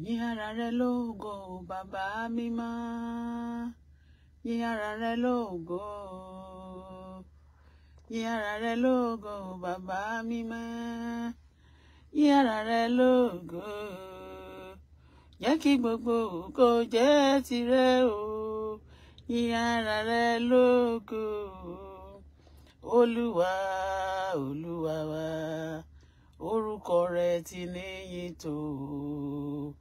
Yìn ara rẹ lógo bàbá mímọ́ yìn ara rẹ lógo yìn ara rẹ lógo bàbá mímọ́ yìn ara rẹ lógo jẹ́ kí gbogbo ògo jẹ́ tìrẹ o yìn ara rẹ lógo olúwa olúwa wa orúkọ rẹ ti níyì tó o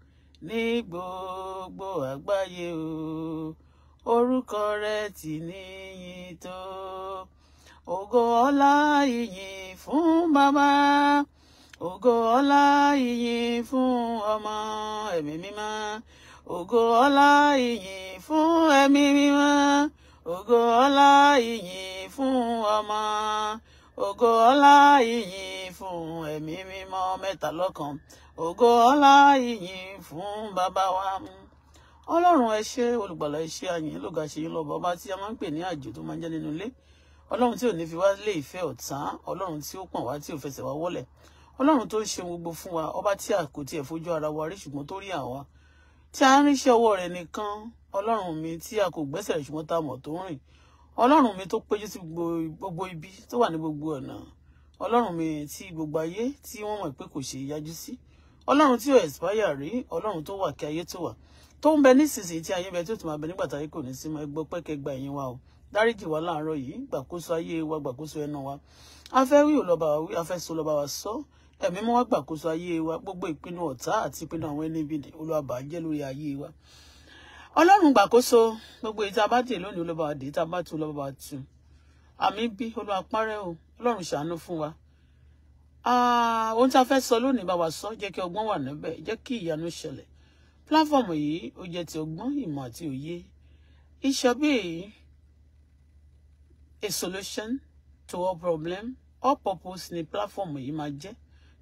ní gbogbo àgbáyé o orúkọ rẹ ti níyìn tó ògo ọlá ìyìn fún bàbá ògo ọlá ìyìn fún ọmọ ẹ̀mí mímọ́ ògo ọlá ìyìn fún ẹ̀mí mímọ́ ògo ọlá ìyìn fún ọmọ ògo ọlá ìyìn fún ẹ̀mí mímọ́ mẹ́ta lọ́kan ògo ọlá ìyìn fún bàbá wa ọlọ́run ẹ ṣé olùgbàlà ẹ ṣé àyìn lóga ṣe yín lọ́ba ọba tí a máa ń pè ní àjò tó máa ń jẹ́ nínú ilé ọlọ́run tí ò ní fi wá lé ìfẹ́ ọ̀tán ọlọ́run tí ó pọ̀n wá tí ò fẹsẹ̀ wá wọlẹ̀ ọlọ́run tó ń ṣe gbogbo fún wa ọba tí a kò tiẹ̀ fojú ara wa rí ṣùgbọ́n tó rí àwa tí a ń ríṣẹ́ ọwọ́ rẹ̀ nìkan ọlọ́run mi tí a kò gbẹ́sẹ̀ rẹ̀ ṣùgbọ́n tá a mọ̀ tó ń rìn ọlọ́run mi tó péjú sí gbogbo ibi tó wà ní gbogbo ọ̀nà ọlọ́run mi tí gbogbo ayé tí wọ́n mọ̀ pé kò ṣe yájú sí ọlọ́run tí ò expire rí ọlọ́run tó wà kí ayé tó wà tó ń bẹ nísinsìnyí tí ayé bẹ tó tún máa bẹ nígbà táyé kò ní sí mọ́ ẹgbọ́ pẹ́kẹ́ gba ẹ̀yìn wa o dáríjì wa láàárọ̀ yìí gbàkóso ayé wa gbàkóso ẹnu wa afẹ́ wí ò wa wí afẹ́ so lọ́ba wa sọ ẹ̀mí mọ́ wá gbàkóso ayé wa gbogbo ìpinnu ọ̀tá àti ìpinnu àwọn ẹni ibi olùwàbà jẹ́ lórí ayé wa ọlọ́run gbàkóso gbogbo ìta bá dè lónìí olùwàbà dè ìta bá tu olùwàbà tu àmì bí olùwàpárẹ́ o ọlọ́run ṣàánú fún wa Ah, ohun tí a fẹ́ sọ lónìí bá wa sọ jẹ́ kí ọgbọ́n wà níbẹ̀ jẹ́ kí ìyanu ṣẹlẹ̀ pláfọ́ọ̀mù yìí ó jẹ́ ti ọgbọ́n ìmọ̀ àti òye it shall be a solution to all problem all purpose ni pláfọ́ọ̀mù yìí máa jẹ́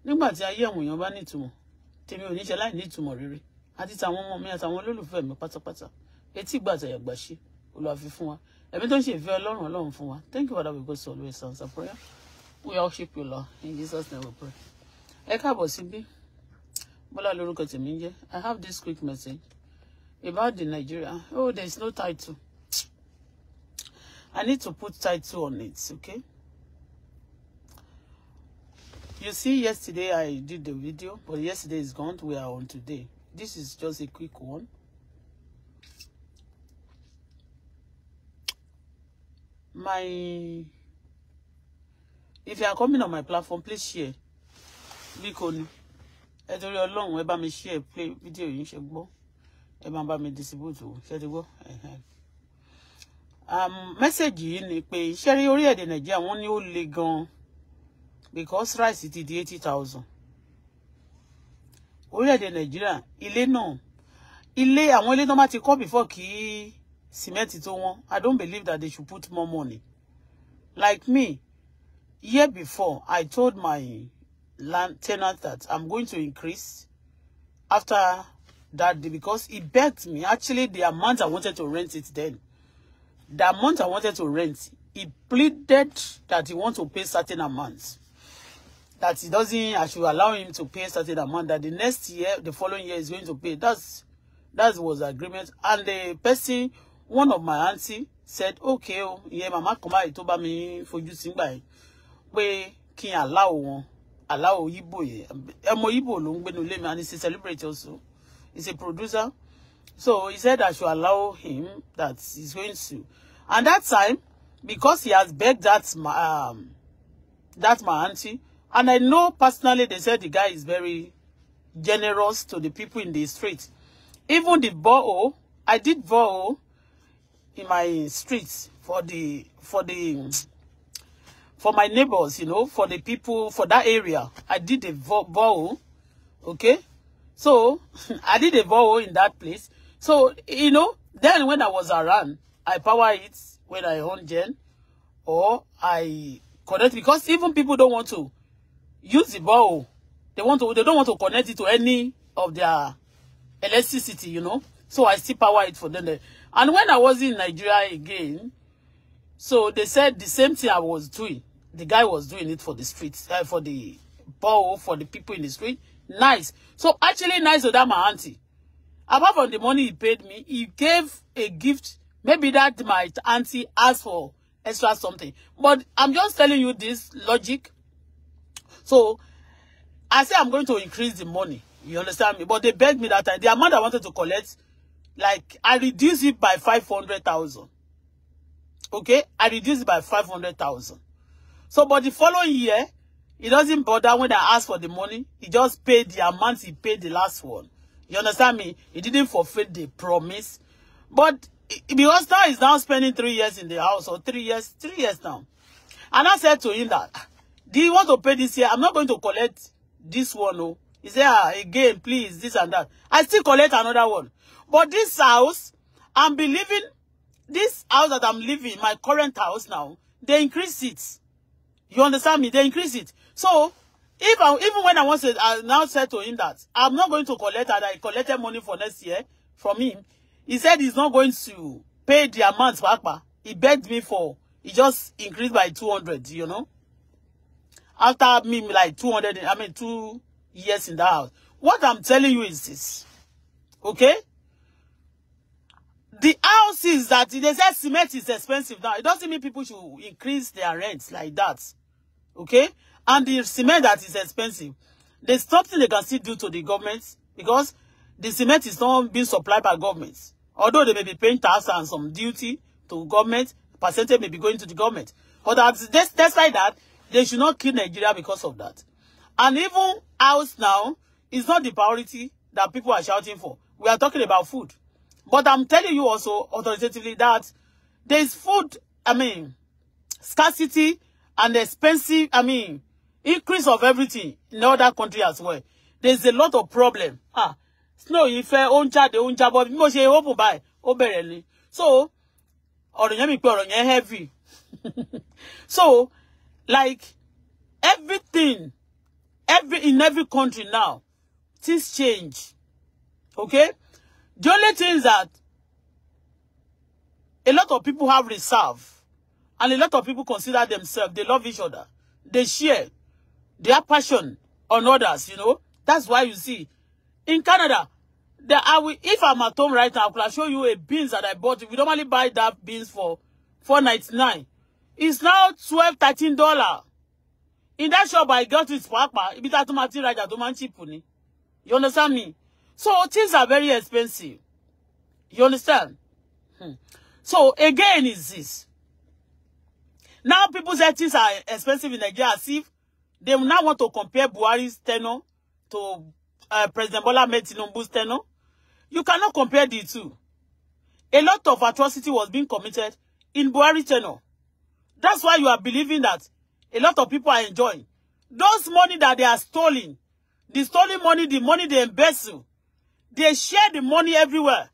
nígbà tí ayé àwọn èèyàn bá nítumọ̀ tèmi ò ní ṣe láì nítumọ̀ rere àti tàwọn ọmọ mi àtàwọn olólùfẹ́ mi pátápátá etí ìgbà àtàyàgbà ṣe olùwàfi fún wa ẹ̀mí tó ń ṣe ìfẹ́ ọlọ́run ọlọ́run fún wa thank you father because always answer prayer we all worship you Lord in Jesus name we pray ẹ káàbọ̀ síbí Bọ́lá lórúkọ I have this quick message about the Nigeria oh there is no title I need to put title on it okay you see yesterday I did the video but yesterday is gone we are on today this is just a quick one my if you are coming on my platform please share bí kò ní ẹ torí ọlọ́run ẹ bá share play video yìí ṣe gbọ́ ẹ máa bá mi distribute o ṣe ti gbọ́ mẹ́sẹ̀gì um, yìí ni pé iṣẹ́ rí orílẹ̀-èdè nàìjíríà wọ́n ní le gan because rice ti di eighty thousand orílẹ̀-èdè nàìjíríà ilé náà I want ilé tó máa ti call before kí cement tó wọ́n i don't believe that they should put more money like me year before, I told my land tenant that I'm going to increase after that day because he begged me. Actually, the amount I wanted to rent it then, the amount I wanted to rent, he pleaded that he wants to pay certain amounts. That he doesn't, I should allow him to pay certain amount. That the next year, the following year, is going to pay. That's that was agreement. And the person, one of my auntie, said, okay, oh, yeah, mama, come out, told me, for you, sing by pé kí n aláwọ wọn aláwọ yíbò yẹ ọmọ yíbò ló ń gbénu ilé mi and he's a celebrity also he's a producer so he said I should allow him that he's going to and that time because he has begged that um, that my auntie and I know personally they said the guy is very generous to the people in the street even the borehole I did borehole in my street for the for the for my neighbors, you know, for the people, for that area. I did a borehole, okay? So, I did a borehole in that place. So, you know, then when I was around, I power it when I own gen or I connect because even people don't want to use the borehole. They want to they don't want to connect it to any of their electricity, you know. So I still power it for them. And when I was in Nigeria again, so they said the same thing I was doing the guy was doing it for the streets, uh, for the ball, for the people in the street. Nice. So actually nice to that my auntie. Apart from the money he paid me, he gave a gift. Maybe that my auntie asked for extra something. But I'm just telling you this logic. So I say I'm going to increase the money. You understand me? But they begged me that time. The amount I wanted to collect, like, I reduced it by 500,000. Okay? I reduced it by 500,000. So, but the following year, he doesn't bother when I ask for the money. He just paid the amount he paid the last one. You understand me? He didn't forfeit the promise. But because now he's now spending three years in the house, or three years, three years now. And I said to him that, ah, do you want to pay this year? I'm not going to collect this one. No. Oh. He said, ah, again, please, this and that. I still collect another one. But this house, I'm believing, this house that I'm living, my current house now, they increase it. You understand me? They increase it. So, if I, even when I want to, I now said to him that I'm not going to collect that I collected money for next year from him. He said he's not going to pay the amount back. He begged me for, he just increased by 200, you know. After me, like 200, I mean, two years in the house. What I'm telling you is this, okay? The houses that they say cement is expensive now, it doesn't mean people should increase their rents like that. okay? And the cement that is expensive. There's something they can still do to the government because the cement is not being supplied by governments. Although they may be paying tax and some duty to government, percentage may be going to the government. But that's, that's like that, they should not kill Nigeria because of that. And even house now is not the priority that people are shouting for. We are talking about food. But I'm telling you also authoritatively that there is food, I mean, scarcity and expensive, I mean, increase of everything in other country as well. There's a lot of problem. Ah, snow If I own jáde ó own jábọ́ but mo ṣe open by ó So, or yẹn mi pé heavy. So, like everything, every in every country now, things change. Okay? The only thing is that a lot of people have reserve And a lot of people consider themselves, they love each other. They share their passion on others, you know. That's why you see, in Canada, there are. will, if I'm at home right now, I'll show you a beans that I bought. We normally buy that beans for four ninety nine. It's now twelve thirteen dollar. In that shop, I got it for Akpa. Ibi tá a right máa ti rajà tó cheap You understand me? So things are very expensive. You understand? Hmm. So again is this. Now people's ethics are expensive in Nigeria as if they now want to compare Buhari's tenure to uh, President Bola Ahmed Tinubu's tenure. You cannot compare the two. A lot of atrocity was being committed in Buhari's tenure. That's why you are believing that a lot of people are enjoying. Those money that they are stealing, the stolen money, the money they embezzle, they share the money everywhere.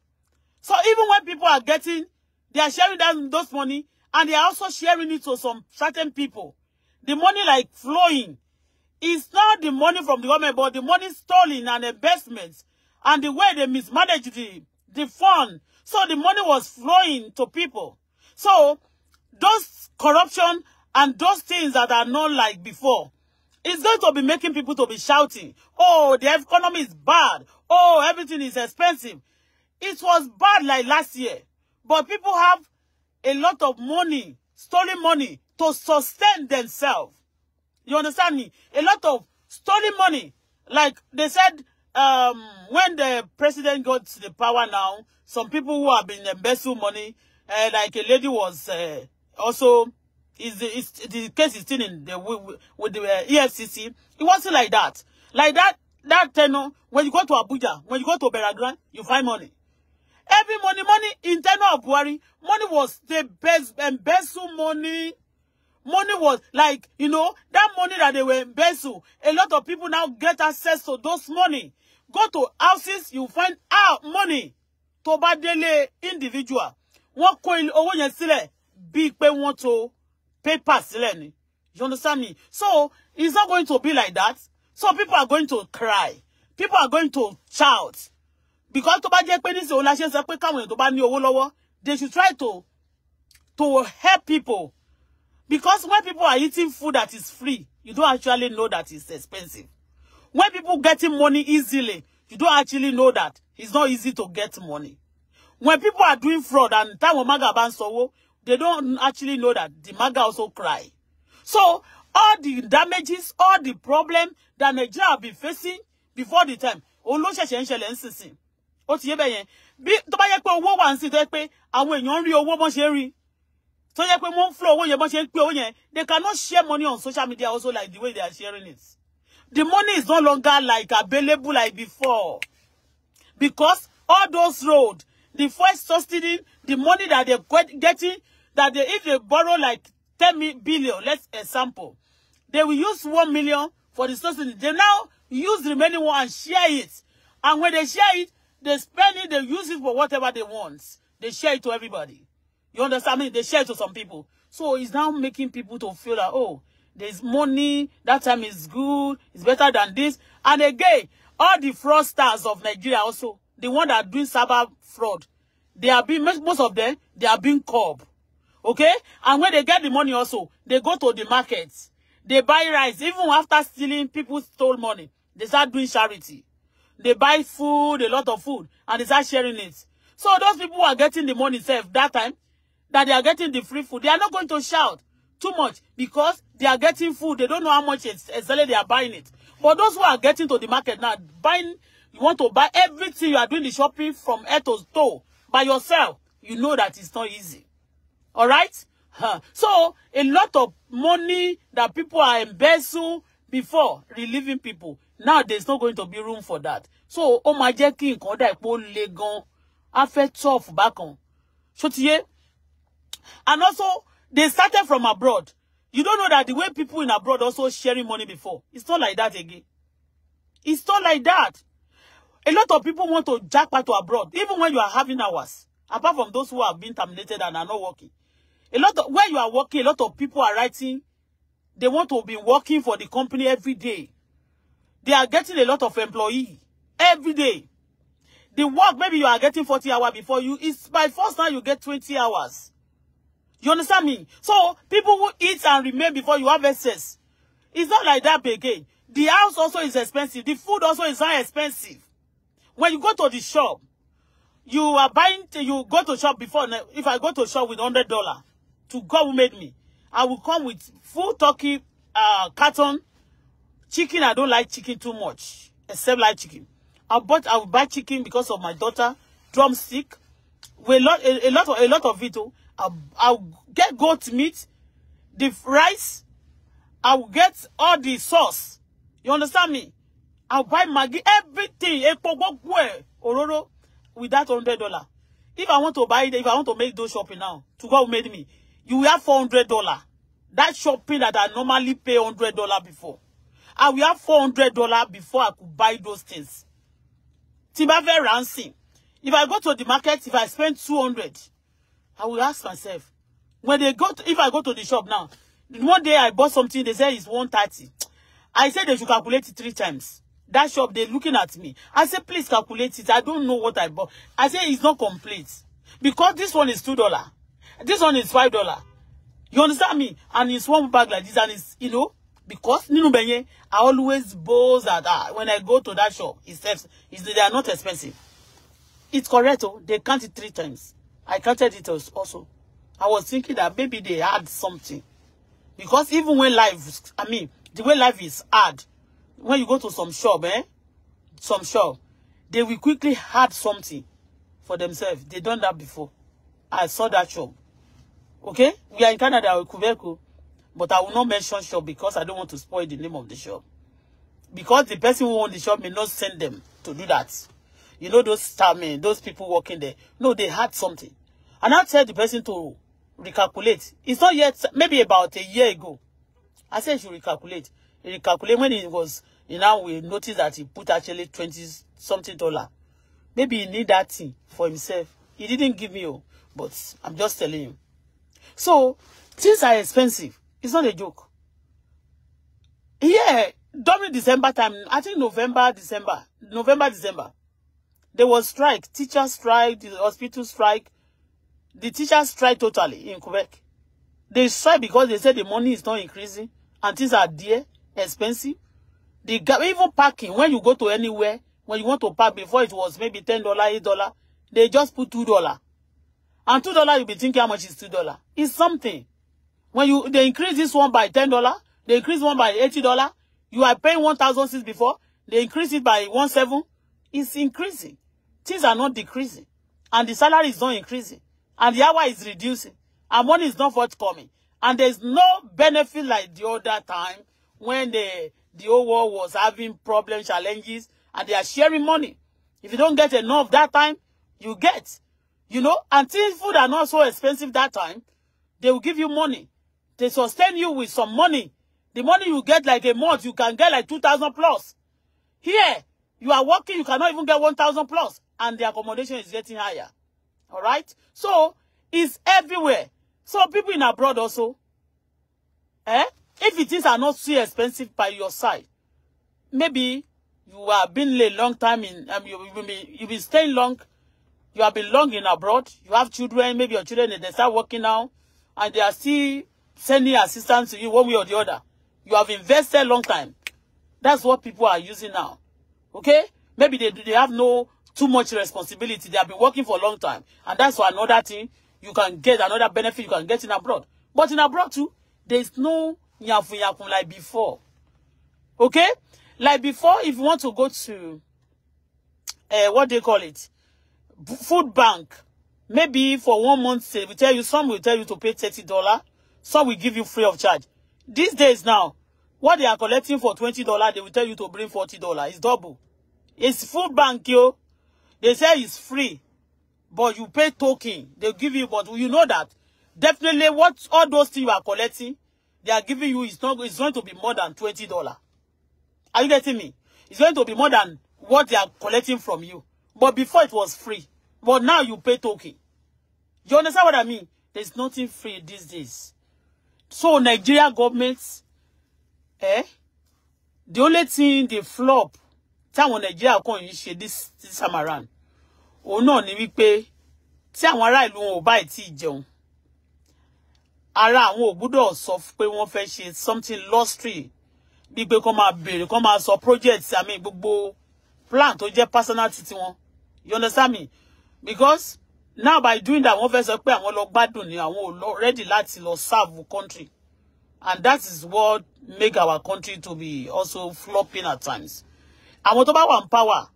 So even when people are getting, they are sharing that, those money, And they are also sharing it to some certain people. The money like flowing. It's not the money from the government, but the money stolen and investments. And the way they mismanaged the, the fund. So the money was flowing to people. So those corruption and those things that are not like before, it's going to be making people to be shouting, oh, the economy is bad. Oh, everything is expensive. It was bad like last year. But people have a lot of money, stolen money to sustain themselves. You understand me? A lot of stolen money. Like they said, um, when the president got to the power now, some people who have been embezzling money, uh, like a lady was uh, also, is the, case is still in the with, with the uh, EFCC. It wasn't like that. Like that, that tenor, when you go to Abuja, when you go to Beragran, you find money. Every money, money in tenor of Buhari, money was the best embezzle um, money. Money was like, you know, that money that they were embezzled. A lot of people now get access to those money. Go to houses, you find out money. Tó bá délé individual. Wọ́n kó owó yẹn sílẹ̀ Big pé wọ́n to paper sílẹ̀ You understand me? So, it's not going to be like that. So people are going to cry. People are going to shout because to bá jẹ́ pé nísìnyí òun la ṣe ń sọ pé káwọn èèyàn tó bá ní they should try to to help people because when people are eating food that is free you don't actually know that it's expensive when people getting money easily you don't actually know that it's not easy to get money when people are doing fraud and time of maga ban ń they don't actually know that the maga also cry so all the damages all the problem that Nigeria be facing before the time òun ló ṣẹ̀ṣẹ̀ ń ṣẹlẹ̀ ó ti yé bẹ́ẹ̀ yẹn bí tó bá yẹ pé owó wà ń sìn tó yẹ pé àwọn èèyàn ń rí owó bọ́n ṣe ń rí tó yẹ pé wọ́n flow owó yẹn bọ́n ṣe ń pé owó they cannot share money on social media also like the way they are sharing it the money is no longer like available like before because all those roads the first subsidy the money that they getting that they if they borrow like ten billion let's example they will use one million for the subsidy they now use the remaining one and share it and when they share it They spend it, they use it for whatever they want. They share it to everybody. You understand me? They share it to some people. So it's now making people to feel that oh, there's money, that time is good, it's better than this. And again, all the fraudsters of Nigeria also, the one that are doing cyber fraud, they are being, most of them, they are being curbed. Okay? And when they get the money also, they go to the markets. They buy rice. Even after stealing, people stole money. They start doing charity. They buy food, a lot of food, and they start sharing it. So those people who are getting the money safe that time, that they are getting the free food, they are not going to shout too much because they are getting food. They don't know how much exactly they are buying it. But those who are getting to the market now, buying, you want to buy everything you are doing the shopping from head to toe by yourself, you know that it's not easy. All right? Huh. So, a lot of money that people are embezzled before relieving people now there is not going to be room for that so ó máa jẹ́ kí nǹkan dà pé ó le gan á fẹ́ tough bákan ṣótiyé and also they started from abroad you don't know that the way people in abroad also sharing money before it's not like that again it's not like that a lot of people want to jack back to abroad even when you are having hours apart from those who have been terminated and are not working a lot of when you are working a lot of people are writing they want to be working for the company every day They are getting a lot of employee every day. The work, maybe you are getting 40 hours before you. It's by first time you get 20 hours. You understand me? So people who eat and remain before you have excess. It's not like that again. The house also is expensive. The food also is not expensive. When you go to the shop, you are buying, you go to shop before, if I go to shop with $100, to God who made me, I will come with full turkey uh, carton Chicken, I don't like chicken too much, except like chicken. I bought, I would buy chicken because of my daughter, drumstick. We lot, a, a lot, of, a lot of it. Oh, I'll, I'll get goat meat, the rice. I'll get all the sauce. You understand me? I'll buy Maggie everything, epo, gbogbo, òróró, with that hundred dollar. If I want to buy it, if I want to make those shopping now, to God made me, you have four hundred dollar. That shopping that I normally pay hundred dollar before. I will have four hundred dollar before I could buy those things. Tí bá fẹ́ If I go to the market, if I spend two hundred, I will ask myself. When they go, to, if I go to the shop now, one day I bought something. They say it's one thirty. I said they should calculate it three times. That shop, they're looking at me. I said, please calculate it. I don't know what I bought. I said, it's not complete. Because this one is $2. This one is $5. You understand me? And it's one bag like this. And it's, you know, because Ninu Benye, I always boast that uh, when I go to that shop it sells it's, they are not expensive it's correct oh they count it three times I counted it also I was thinking that maybe they had something because even when life I mean the way life is hard when you go to some shop eh some shop they will quickly add something for themselves they done that before I saw that shop okay we are in Canada Quebec oh But I will not mention shop because I don't want to spoil the name of the shop. Because the person who owns the shop may not send them to do that. You know those starmen, those people working there. No, they had something. And I tell the person to recalculate. It's not yet, maybe about a year ago. I said you recalculate. He recalculate when it was, you know, we noticed that he put actually 20 something dollar. Maybe he need that thing for himself. He didn't give me, oh, but I'm just telling you. So, things are expensive. It's not a joke. Yeah, during December time, I think November, December, November, December, there was strike, teacher strike, the hospital strike. The teachers strike totally in Quebec. They strike because they said the money is not increasing and things are dear, expensive. They even parking, when you go to anywhere, when you want to park, before it was maybe $10, $8, they just put $2. And $2, you'll be thinking how much is $2. It's something. When you they increase this one by ten dollar, they increase one by eighty dollar. You are paying one thousand six before. They increase it by one seven. It's increasing. Things are not decreasing, and the salary is not increasing, and the hour is reducing, and money is not forthcoming, and there's no benefit like the other time when the the old world was having problem challenges, and they are sharing money. If you don't get enough that time, you get. You know, and things food are not so expensive that time. They will give you money. They sustain you with some money. The money you get like a month, you can get like 2,000 plus. Here, you are working, you cannot even get 1,000 plus. And the accommodation is getting higher. All right? So, it's everywhere. So, people in abroad also, eh? If things are not too expensive by your side, maybe you have been a long time in, um, you, you, be, you be staying long, you have been long in abroad, you have children, maybe your children, they start working now, and they are still sending assistance to you one way or the other. You have invested long time. That's what people are using now. Okay? Maybe they they have no too much responsibility. They have been working for a long time. And that's for another thing. You can get another benefit you can get in abroad. But in abroad too, there's no nyafu yakun like before. Okay? Like before, if you want to go to uh, what they call it, food bank, maybe for one month, they will tell you, some will tell you to pay $30. So we give you free of charge. These days now, what they are collecting for $20, they will tell you to bring $40. It's double. It's full bank, yo. They say it's free, but you pay token. They give you, but you know that definitely what all those things you are collecting, they are giving you is not it's going to be more than twenty dollar. Are you getting me? It's going to be more than what they are collecting from you. But before it was free, but now you pay token. You understand what I mean? There's nothing free these days. So Nigeria government, eh, the only thing they flop, táwọn Nigeria kan yìí ṣe this this time around, Oh no, ni wípé tí àwọn ará ìlú wọn ò báyìí tí ì oh, good old ò gbúdọ̀ sọ pé wọ́n Something lost tree. lustry bíi pé kán máa béèrè kán máa sọ project àmì gbogbo plan tó jẹ́ personality tiwọn you understand me because now by doing that wọ́n fẹ́ sọ pé àwọn lọ gbádùn ni àwọn ò lọ ready láti lọ serve country and that is what make our country to be also flopping at times àwọn tó bá wà ní power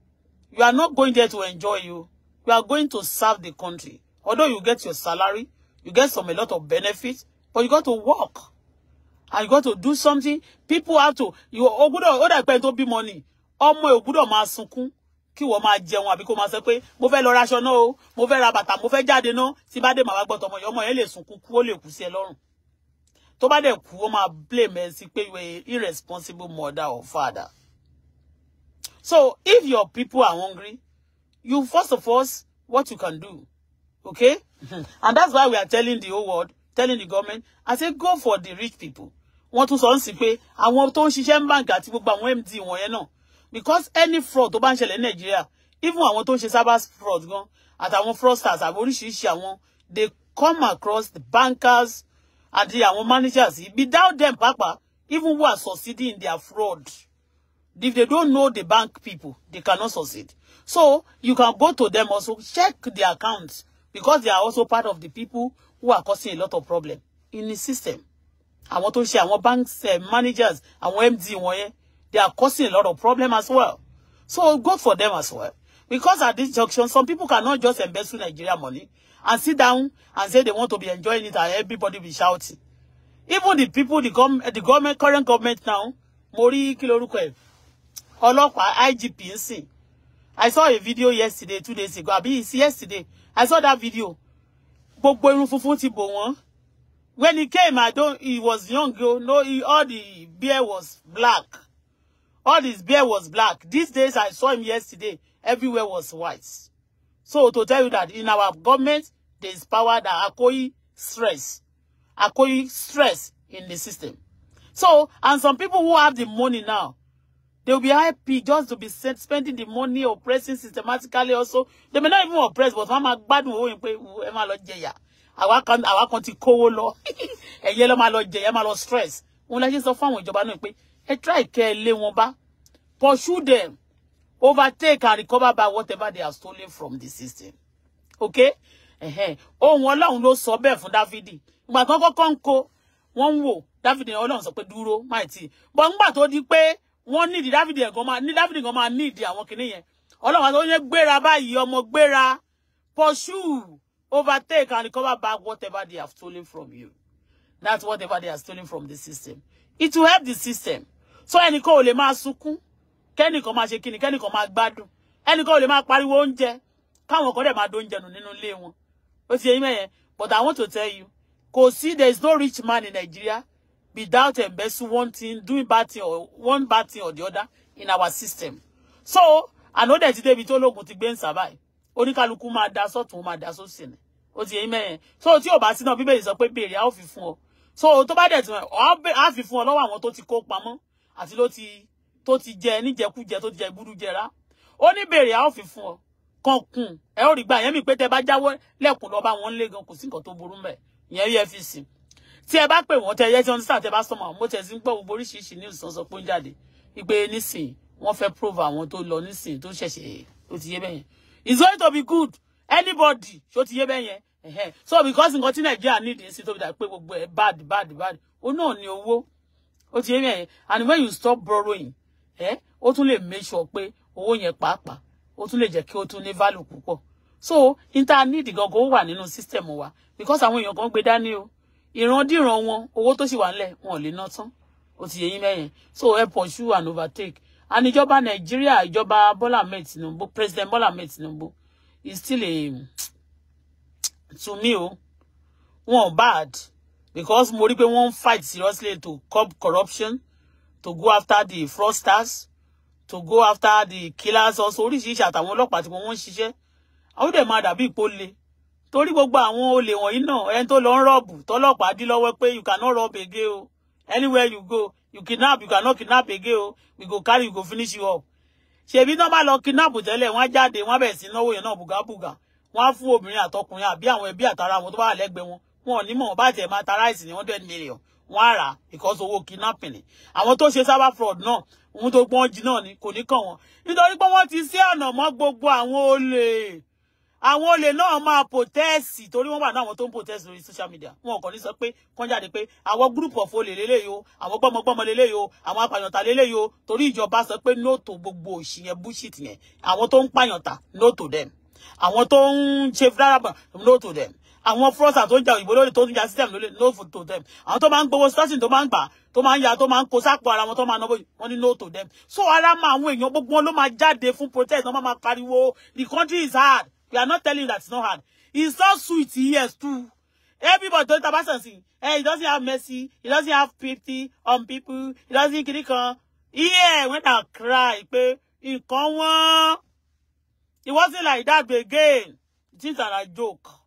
you are not going there to enjoy you you are going to serve the country although you get your salary you get some a lot of benefits but you got to work and you got to do something people have to you ó gbọ́dọ̀ ó dà pé tó bí money ọmọ ẹ ò gbọ́dọ̀ máa sunkún kí wọ́n máa jẹun àbí kó máa sọ pé mo fẹ́ lọ raṣọ náà o mo fẹ́ ra bàtà mo fẹ́ jáde náà tí bá dé màá gbọ́tọ̀ ọmọ yẹn yẹn lè sunkún kú ó lè kú sí ẹ lọ́rùn tó bá dẹ̀ kú ó máa blame ẹ sí pé you are irresponsible mother or father so if your people are hungry you first of all what you can do okay and that's why we are telling the whole world telling the government i say go for the rich people wọ́n tún sọ ń sìn pé àwọn tó ń ṣiṣẹ́ ń bàǹkì àti gbogbo àwọn md wọ̀nyẹn náà because any fraud to bá ń Nigeria, even àwọn tó ń ṣe cyber at our fraudsters àbí oríṣiríṣi àwọn they come across the bankers àti àwọn managers without them Papa, even who are succeeding in their fraud if they don't know the bank people they cannot succeed so you can go to them also check the accounts because they are also part of the people who are causing a lot of problem in the system àwọn tó ṣe àwọn bank uh, eh, managers àwọn md yeah. They are causing a lot of problem as well. So good for them as well. Because at this junction, some people cannot just embezzle Nigeria money and sit down and say they want to be enjoying it and everybody be shouting. Even the people, the, gov the government, current government now, Mori Kiloruko, Ọlọ́pàá, IGP, NC. I saw a video yesterday, two days ago. I see yesterday. I saw that video. Gbogbo When he came, I don't, he was young, No, he, all the beard was black. All his beard was black. These days, I saw him yesterday. Everywhere was white. So to tell you that in our government, there is power that Akoyi stress. Akoyi stress in the system. So, and some people who have the money now, they will be happy just to be spending the money oppressing systematically also. They may not even oppress, but wọ́n máa gbádùn owó yẹn pé ẹ máa lọ jẹyà. Àwa kan àwa kan ti kówó lọ. stress. Wọ́n la ṣe sọ fún àwọn ìjọba náà try kẹ́ lé wọn pursue them, overtake and recover by whatever they are stolen from the system. Okay? Ohun Ọlọ́run ló sọ bẹ́ẹ̀ fún Dáfídì. Ìgbà kan kọ́kọ́ ń ko, wọ́n ń wò, Dáfídì Ọlọ́run sọ pé dúró, duro. Mighty. But ńgbà tó di pé wọ́n nídìí Dáfídì ẹ̀gán máa need Dáfídì gan máa nídìí àwọn kìnìún yẹn. Ọlọ́run àti oúnjẹ gbera báyìí, ọmọ gbera. pursue, overtake and recover back whatever they have stolen from you. That's whatever they are stolen from the system. It will help the system. So ẹnìkan ò lè máa sunkún kẹ́nìkan máa ṣe kíni kẹ́nìkan máa gbádùn ẹnìkan ò lè máa pariwo oúnjẹ káwọn kan dẹ̀ máa dóúnjẹ nù nínú ilé wọn ó ti yẹn mẹ́yẹn but I want to tell you kò sí there is no rich man in Nigeria without embezzling one thing doing bad thing or one bad thing or the other in our system so àná dẹ̀ ti débi tó lóògùn ti gbé ń sábàá oníkálukú máa da sọ́tún máa da sósì ni ó ti yẹn mẹ́yẹn so tí ò bá sí náà bíbélì sọ pé béèrè a ó fi fún ọ so tó bá dẹ̀ tí wọn á fi fún ọ lọ́wọ́ àwọn tó ti kó pamọ́ àti ló ti tó ti jẹ níjẹkújẹ tó ti jẹ gbúdú jẹra ó ní béèrè a ó fún ọ kankun ẹ ó rí gbà yẹn mi pé tẹ bá jáwọ́ lẹ́kùn lọ bá wọn lé gan kò sí nǹkan tó burú mẹ ìyẹn efcc tí ẹ bá pè wọn tẹ yẹ tí wọn ti sàn bá sọmọ mo tẹ sí ń gbọ́ oríṣiríṣi ní ìsàn sọ pé ń jáde wípé nísìn wọn fẹ́ prove àwọn tó lọ nísìn tó ṣẹ̀ṣẹ̀ ó ti yé bẹyẹn it's going to be good anybody ṣó ti yé bẹyẹn so because nǹkan tí nàìjíríà need ní sí tóbi dà pé gbogbo ẹ bad bad bad ó náà ní owó ó ti yé bẹyẹn and when you stop borrowing ẹ eh? ó tún lè make sure pé owó yẹn pàápàá ó tún lè jẹ́ kí ó tún ní value púpọ̀ so níta gangan ó wà nínú system wa because àwọn èèyàn kan gbé dání o ìrandíran wọn owó tó sì wà ńlẹ̀ wọn ò lè ná tán ó ti yẹ yín so ẹ pursue and overtake and ìjọba nàìjíríà ìjọba Bọ́lá Ahmed Tinubu president Bọ́lá Ahmed Tinubu is still a to me o wọn bad because mo rí pé wọ́n fight seriously to curb corruption to go after the fraudsters to go after the killers also oríṣiríṣi àtàwọn ọlọ́pàá tí wọ́n ń ṣiṣẹ́ àwọn dẹ̀ máa dàbí ìpolè torí gbogbo àwọn olè wọ̀nyí náà ẹni tó lọ ń rọ̀bù tọ́lọ́pàá dí lọ́wọ́ pé you cannot rob again o anywhere you go you kidnap you cannot kidnap again o we go carry you go finish you up ṣèbí náà bá lọ kidnap tẹ́lẹ̀ wọ́n á jáde wọ́n á bẹ̀rẹ̀ sí náwó yẹn náà bùgàbùgà wọ́n á fún obìnrin àtọkùnrin àbí àwọn ẹbí àtara wọn tó bá wà lẹ́gbẹ̀ẹ́ wọn wọn ò ní mọ̀ bá tiẹ̀ máa million wọ́n á rà á because owó kidnapping ni àwọn tó ṣe cyber fraud náà ohun tó gbọ́n jì náà ni kò ní kàn wọ́n nítorí pé wọ́n ti ṣe ọ̀nà mọ́ gbogbo àwọn olè àwọn olè náà máa protest torí wọ́n wà náà àwọn tó ń protest lórí social media wọn kàn ní sọ pé kàn jáde pé àwọn group of olè lélẹ́yìí o àwọn gbọ́mọgbọ́mọ lélẹ́yìí o àwọn apàyàntà lélẹ́yìí o torí ìjọba sọ pé no to gbogbo òṣì yẹn bullshit yẹn àwọn tó ń pàyàntà no to them àwọn tó ń ṣe fúlárà no to them àwọn fúrọ́sà tó ń ja òyìnbó lórí tó ń ja system lórí no to them àwọn tó máa ń gbowó starting tó máa ń gbà tó máa ń ya tó máa ń kó sápò ara wọn tó máa náwó wọn ní no to them so ara máa àwọn èèyàn gbogbo wọn ló máa jáde fún protest wọn máa pariwo the country is hard we are not telling you that it's not hard it's not sweet yes too everybody tó ń ta báṣà he doesn't have mercy he doesn't have pity on people he doesn't kiri kan yeah when i cry pé nǹkan wọn it wasn't like that again things are a joke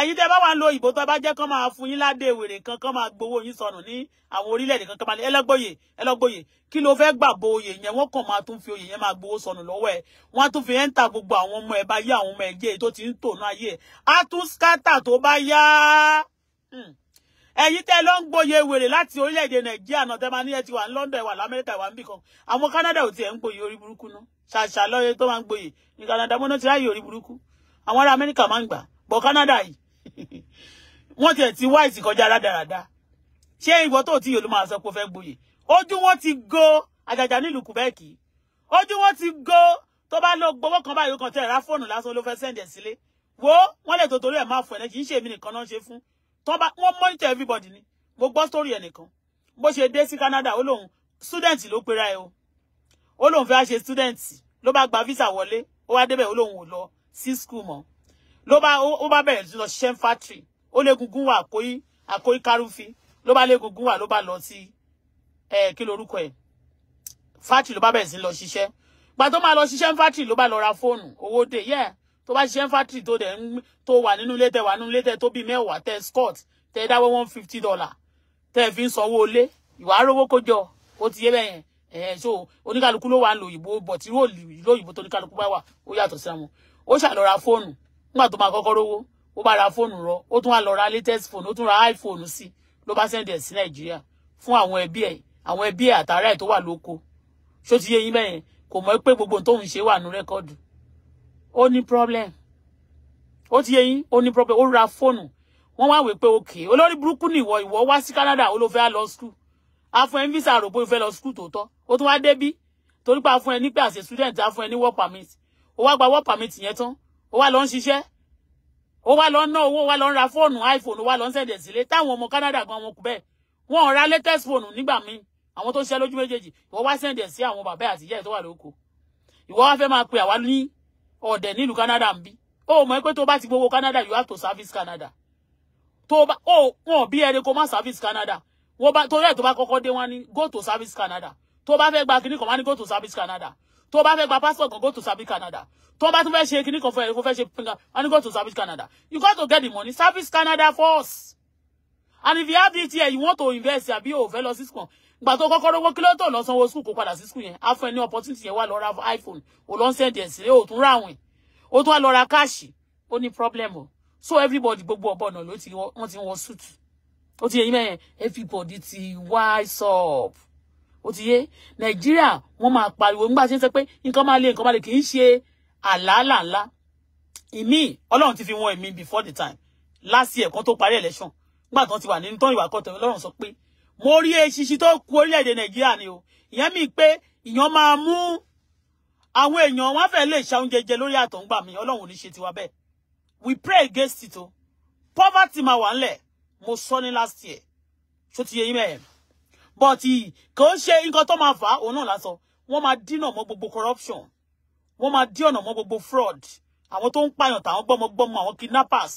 ẹ̀yin tẹ́ bá wà ń lo ìbò tó bá jẹ́ kán máa fún yín ládé wèrè kan kán máa gbowó yín sọnù ní àwọn orílẹ̀-èdè kan kán máa ní ẹlẹ́gbòye ẹlẹ́gbòye kí ló fẹ́ gbàgbó oyè yẹn wọ́n kàn máa tún fi oyè yẹn máa gbowó sọnù lọ́wọ́ ẹ̀ wọ́n á tún fi ẹ́ńtà gbogbo àwọn ọmọ ẹ̀ bá yá àwọn ọmọ ẹ̀ jẹ́ tó ti ń tònú ayé ẹ̀ á tún skátà tó bá yá hmm. ẹ̀yin tẹ́ ló ń gboyè wèrè láti orílẹ̀-èdè nàìjíríà náà tẹ́ máa ní ẹ ti wà ní London ẹ wà lamẹ́ríkà ẹ wà níbìkan àwọn Canada ò tiẹ̀ ń gboyè orí burúkú ná ṣàṣà lọ́yẹ tó máa ń gboyè ní Canada mọ́nà ti ráyè orí burúkú àwọn ará Amẹ́ríkà máa ń gbà bọ̀ Canada yìí wọ́n tiẹ̀ ti wá ìsìnkọjá rádaràda ṣé ìwọ tó ti yòlú máa sọ pé ó fẹ́ gboyè ojú wọn ti go àjàjà nílùú kùbẹ́ẹ̀kì ojú wọn ti go tó bá lọ gbowó kan báyìí kan tẹ̀ ra fóònù lásán ló fẹ́ sẹ́ndẹ̀ sílé wo wọ́n lè tòtòrí ẹ̀ máa fọ̀ ẹ̀ kì í ṣe èmi nìkan náà ṣe fún tó bá wọ́n monitor everybody ni mo gbọ́ story ẹ̀ nìkan bó ṣe dé sí Canada ó lóun student ló pera ẹ o ó lóun fẹ́ ṣe student ló bá gba visa wọlé ó wá débẹ̀ ó lóun ò lọ sí school mọ́ ló bá ó bá bẹ̀rẹ̀ sí lọ ṣiṣẹ́ ń fátìrì ó légungun wà àkóyí àkóyí kárúfin ló bá légungun wà ló bá lọ sí ẹ kí lorúkọ ẹ fátìrì ló bá bẹ̀rẹ̀ sí lọ ṣiṣẹ́ gbà tó máa lọ ṣiṣẹ́ ń fátìrì ló bá ra fóònù owó dé yẹ tó bá ṣiṣẹ́ ń fátìrì tó dẹ̀ ń tó wà nínú ilé tẹ wà nínú ilé tẹ scott tẹ dáwọ́ one fifty dollar tẹ fi ń sanwó ilé ìwà arówó kójọ ó ti yé bẹ́yẹn ẹ̀ẹ́ so oníkálukú ló wà ń lo òyìnbó bọ̀ tí róòlù ìlú òyìnbó tó oníkálukú bá wà ó yàtọ̀ síra wọn ó ṣàlọ́ra fóònù nígbà tó máa kọ́kọ́ rówó ó bá ra fóònù rọ ó tún wá lọ ra latest phone ó tún ra iphone sí ló bá sẹ́ndẹ̀ sí nàìjíríà fún àwọn ẹbí ẹ̀ àwọn ẹbí ẹ̀ àtàrà ẹ̀ tó wà lóko ṣó ti yé yín bẹ́yẹn kò mọ̀ pé gbogbo tóun ṣe wà nú rẹ́kọ́ọ̀dù ó ní problem ó ti yé yín ó ní problem ó ra fóònù wọ́n wá wí pé òkè olórí burúkú nìwọ ìwọ wá sí Canada ó ló fẹ́ lọ school a fún ẹ ń visa àròpó ìfẹ́ lọ school tòótọ́ ó tún wá débí torí pé a fún ẹ ní pé àṣẹ student a fún ẹ ní work permit ó wá gba work permit yẹn tán ó wá lọ ń ṣiṣẹ́ ó wá lọ ń ná owó wá lọ ń ra fóònù iphone ó wá lọ ń sẹ̀dẹ̀ sílé táwọn ọmọ canada gan wọn kú bẹ́ẹ̀ wọn ò ra latest phone nígbà míì àwọn tó ń ṣiṣẹ́ lójú méjèèjì ìwọ wá sẹ̀dẹ̀ sí àwọn bàbá àti ìyá ẹ̀ tó wà lóko ìwọ wá fẹ́ máa pe àwa ní ọ̀dẹ̀ nílùú canada ń bí ó mọ̀ pé tó bá ti gbowó canada you have to service canada tó bá ó wọn bí ẹni kó má service canada wọn bá torí ẹ̀ tó bá kọ́kọ́ dé wọn ní go to service canada tó bá fẹ́ gba kíní kan wọn ní go to service canada tó bá fẹ́ gba passport go to service Canada tó bá tún fẹ́ ṣe kíní kan fẹ́ fẹ́ ṣe pinga and go to service Canada you got to get the money service Canada first and if you have it here you want to invest àbí o fẹ́ lọ sí school gbà tó kọ́kọ́ rówó kí ló tó lọ sanwó school kó padà sí school yẹn á fún ẹ ní opportunity yẹn wà lọ ra iPhone ò lọ ń send ẹ̀ sílé ò tún ra àwìn ó tún wà lọ ra káàṣì ó ní problem o so everybody gbogbo ọ̀bọ náà ló ti wọ́n ti wọ́n suit ó ti yẹ yín mẹ́yẹn everybody ti wise up ó ti yé nàìjíríà wọ́n máa pariwo nígbà tí ń sọ pé nǹkan máa lé nǹkan máa lè kì í ṣe àlàálà ńlá ìmí ọlọ́run ti fi wọn ẹ̀mí before the time last year kan tó parí election nígbà tán ti wà nínú tán ìwà kọ̀tọ̀ ọlọ́run sọ pé mo rí eṣinṣin tó kù orílẹ̀ nàìjíríà ni o ìyẹn mi pé ìyàn máa mú àwọn èèyàn wọn fẹ́ lè ṣa oúnjẹ jẹ lórí àtọ̀ǹgbà mi ọlọ́run ò ní ṣe tiwa bẹ́ẹ̀ we pray against it o poverty máa wà ńlẹ̀ mo sọ ní last year ṣó ti yẹ yín mẹ́rin but kò ṣe nǹkan tó máa fà á òun náà lásọ wọ́n máa dínà mọ́ gbogbo corruption wọ́n máa dí ọ̀nà mọ́ gbogbo fraud àwọn tó ń pààyàn tàwọn gbọ́mọgbọ́mọ àwọn kidnappers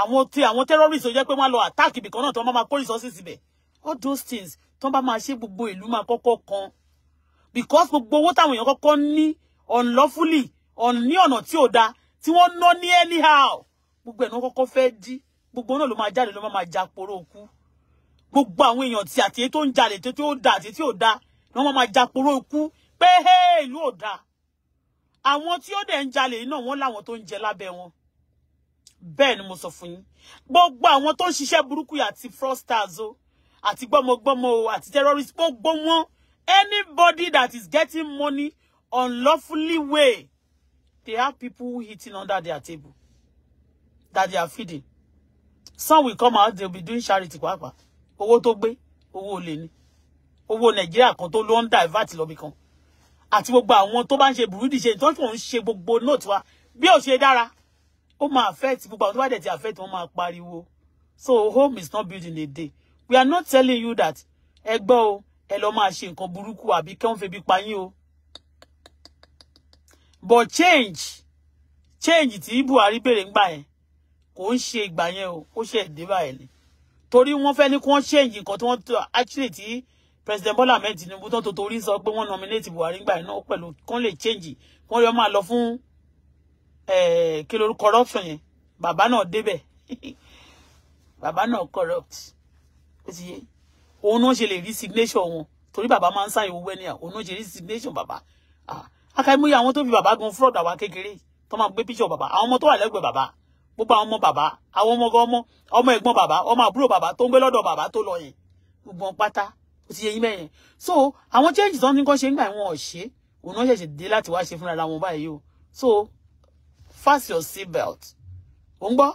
àwọn tí àwọn terrorists ò jẹ́ pé wọ́n lọ attack ibìkan náà tó wọ́n máa kó resources ibẹ̀ all those things tó bá máa ṣe gbogbo ìlú máa kọ́kọ́ kan because gbogbo owó táwọn èèyàn kọ́kọ́ ní unlawfully ní ọ̀nà tí ò da tí wọ́n ná ní anyhow gbogbo ẹ̀ ní wọ́n kọ́kọ́ fẹ́ dí gbogbo náà ló máa jáde ló máa jà poró okú gbogbo àwọn èèyàn tí àti tó ń jalè tí ó da àti tí ò da ni wọ́n máa japoró ikú pé ìlú ò da àwọn tí ó dẹ̀ ń jalè náà wọ́n láwọn tó ń jẹ lábẹ́ wọn bẹ́ẹ̀ ni mo sọ fún yín gbogbo àwọn tó ń ṣiṣẹ́ burúkú àti fraudsters o àti gbọ́mọgbọ́mọ o àti terrorist gbogbo wọn anybody that is getting money unlawfully way they have people eating under their table that they are feeding some will come out they will be doing charity kwakwa owó tó gbé owó olè ni owó nàìjíríà kan tó ló ń divert lọ́bì kan àti gbogbo àwọn tó bá ń ṣe burúdi ṣe tó ń ṣe gbogbo note wa bí ò ṣe dára ó máa affect gbogbo àwọn tó bá dẹ̀ ti affect wọ́n máa pariwo so home is not built in a day we are not telling you that ẹ gbọ́ o ẹ lọ máa ṣe nǹkan burúkú àbí kí wọ́n febi pa yín o but change change tí Buhari béèrè ńgbà yẹn kò ń ṣe ìgbà yẹn o ó ṣe dé báyìí ni torí wọ́n fẹ́ ní kí wọ́n ṣèǹjì nǹkan tí wọ́n actually tí president Bola Ahmed Tinubu tó torí sọ pé wọ́n nominate Buhari gbà iná pẹ̀lú kán lè ṣèǹjì wọ́n yọ máa lọ fún eh, kí lóru corruption yẹn bàbá náà débẹ̀ bàbá náà corrupt ó ti yé òun náà ṣe lè rí signation wọn torí bàbá máa ń sáyìn owó ẹni à òun náà ṣe rí signation bàbá ah, akáyémúyà àwọn tó fi bàbá gan fraud àwa kékeré tó máa gbé picture bàbá àwọn ọmọ tó wà lẹ́gbẹ̀ẹ́ bàbá gbogbo àwọn ọmọ bàbá àwọn ọmọ ọmọ ọmọ ẹ̀gbọ́n bàbá ọmọ àbúrò bàbá tó ń gbé lọ́dọ̀ bàbá tó lọ yẹn gbogbo pátá ó ti yẹ yín mẹ́yẹn so àwọn change tó ń kọ́ ṣe nígbà wọn ò òun náà ṣẹ̀ṣẹ̀ dé láti wá ṣe fúnra wọn báyìí o so fast your seat belt ò ń gbọ́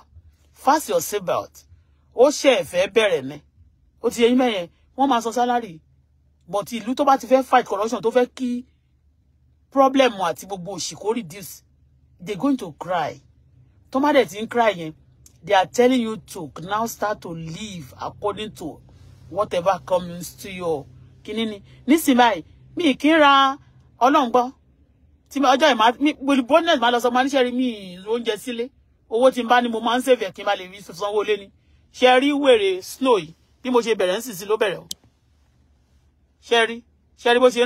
fast your seat belt ó ṣe ẹ̀fẹ́ bẹ̀rẹ̀ ní ó ti yẹ yín mẹ́yẹn wọ́n máa san sálárì but ìlú tó bá ti fẹ́ fight corruption tó fẹ́ kí problem àti gbogbo òṣì kó reduce they going to cry tó in crying. they are telling you to now start to live according to whatever comes to you. kíní ni nísìnyí báyìí mi kì í ra ọlọ́run gbọ́ tí ọjọ́ ìmọ̀ mi bonnet máa lọ sọ ma níṣẹ́ rí mi oúnjẹ sílé owó tí n bá ní mo máa ń save ẹ̀ kí n bá lè rí sanwó lé ni ṣe rí wèrè snow yìí bí mo ṣe bẹ̀rẹ̀ ń si sí ló bẹ̀rẹ̀ o ṣe rí ṣe rí mo ṣe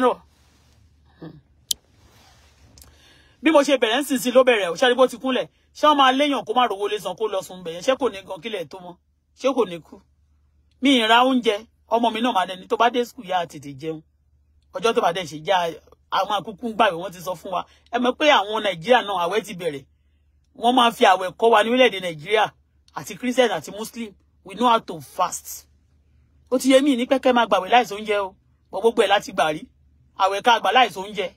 bẹ̀rẹ̀ ń sì sí ló bẹ̀rẹ̀ o ṣe rí bó ti ṣé wọn máa léèyàn kó má rówó lé san kó lọ sùn bẹ̀yẹn ṣé kò ní gan kílẹ̀ tó mọ́ ṣé kò ní kú mi ì ra oúnjẹ ọmọ mi náà máa dẹni tó bá dé skul yá tètè jẹun ọjọ́ tó bá dẹ̀ ṣe já àwọn akúkú ń gbàgbé wọ́n ti sọ fún wa ẹ mọ̀ pé àwọn nàìjíríà náà àwẹ̀ ti bẹ̀rẹ̀ wọ́n máa fi àwẹ̀ kọ́ wa ní orílẹ̀-èdè nàìjíríà àti christian àti muslim we know how to fast ó ti yẹ mí ní pẹ́kẹ́ máa gbàwẹ̀ láìsí oúnjẹ o wọ́n gbogbo ẹ̀ láti gbà rí àwẹ̀ ká àgbà láìsí oúnjẹ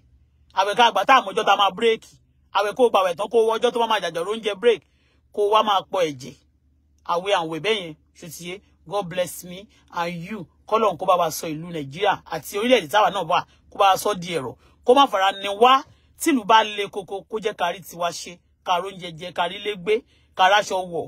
àwẹ̀ ká àgbà tá àmọ́jọ́ tá máa bírèkì àwẹ̀ kó gbàwẹ̀ tán kó wọ́jọ́ to bá máa jàjọ̀ lóúnjẹ break kó wá máa pọ̀ ẹ̀jẹ̀ àwẹ̀ àwẹ̀ bẹ́ẹ̀ yẹn God bless me and you kọ́lọ̀ kó bá wa sọ ìlú Nàìjíríà àti orílẹ̀-èdè táwa náà wà kó bá wa sọ di ẹ̀rọ̀ kó má fara ni wá tìlú bá le koko kó jẹ́ kárí tiwa ṣe kàró oúnjẹ jẹ kárí lé gbé kàráṣọ wọ̀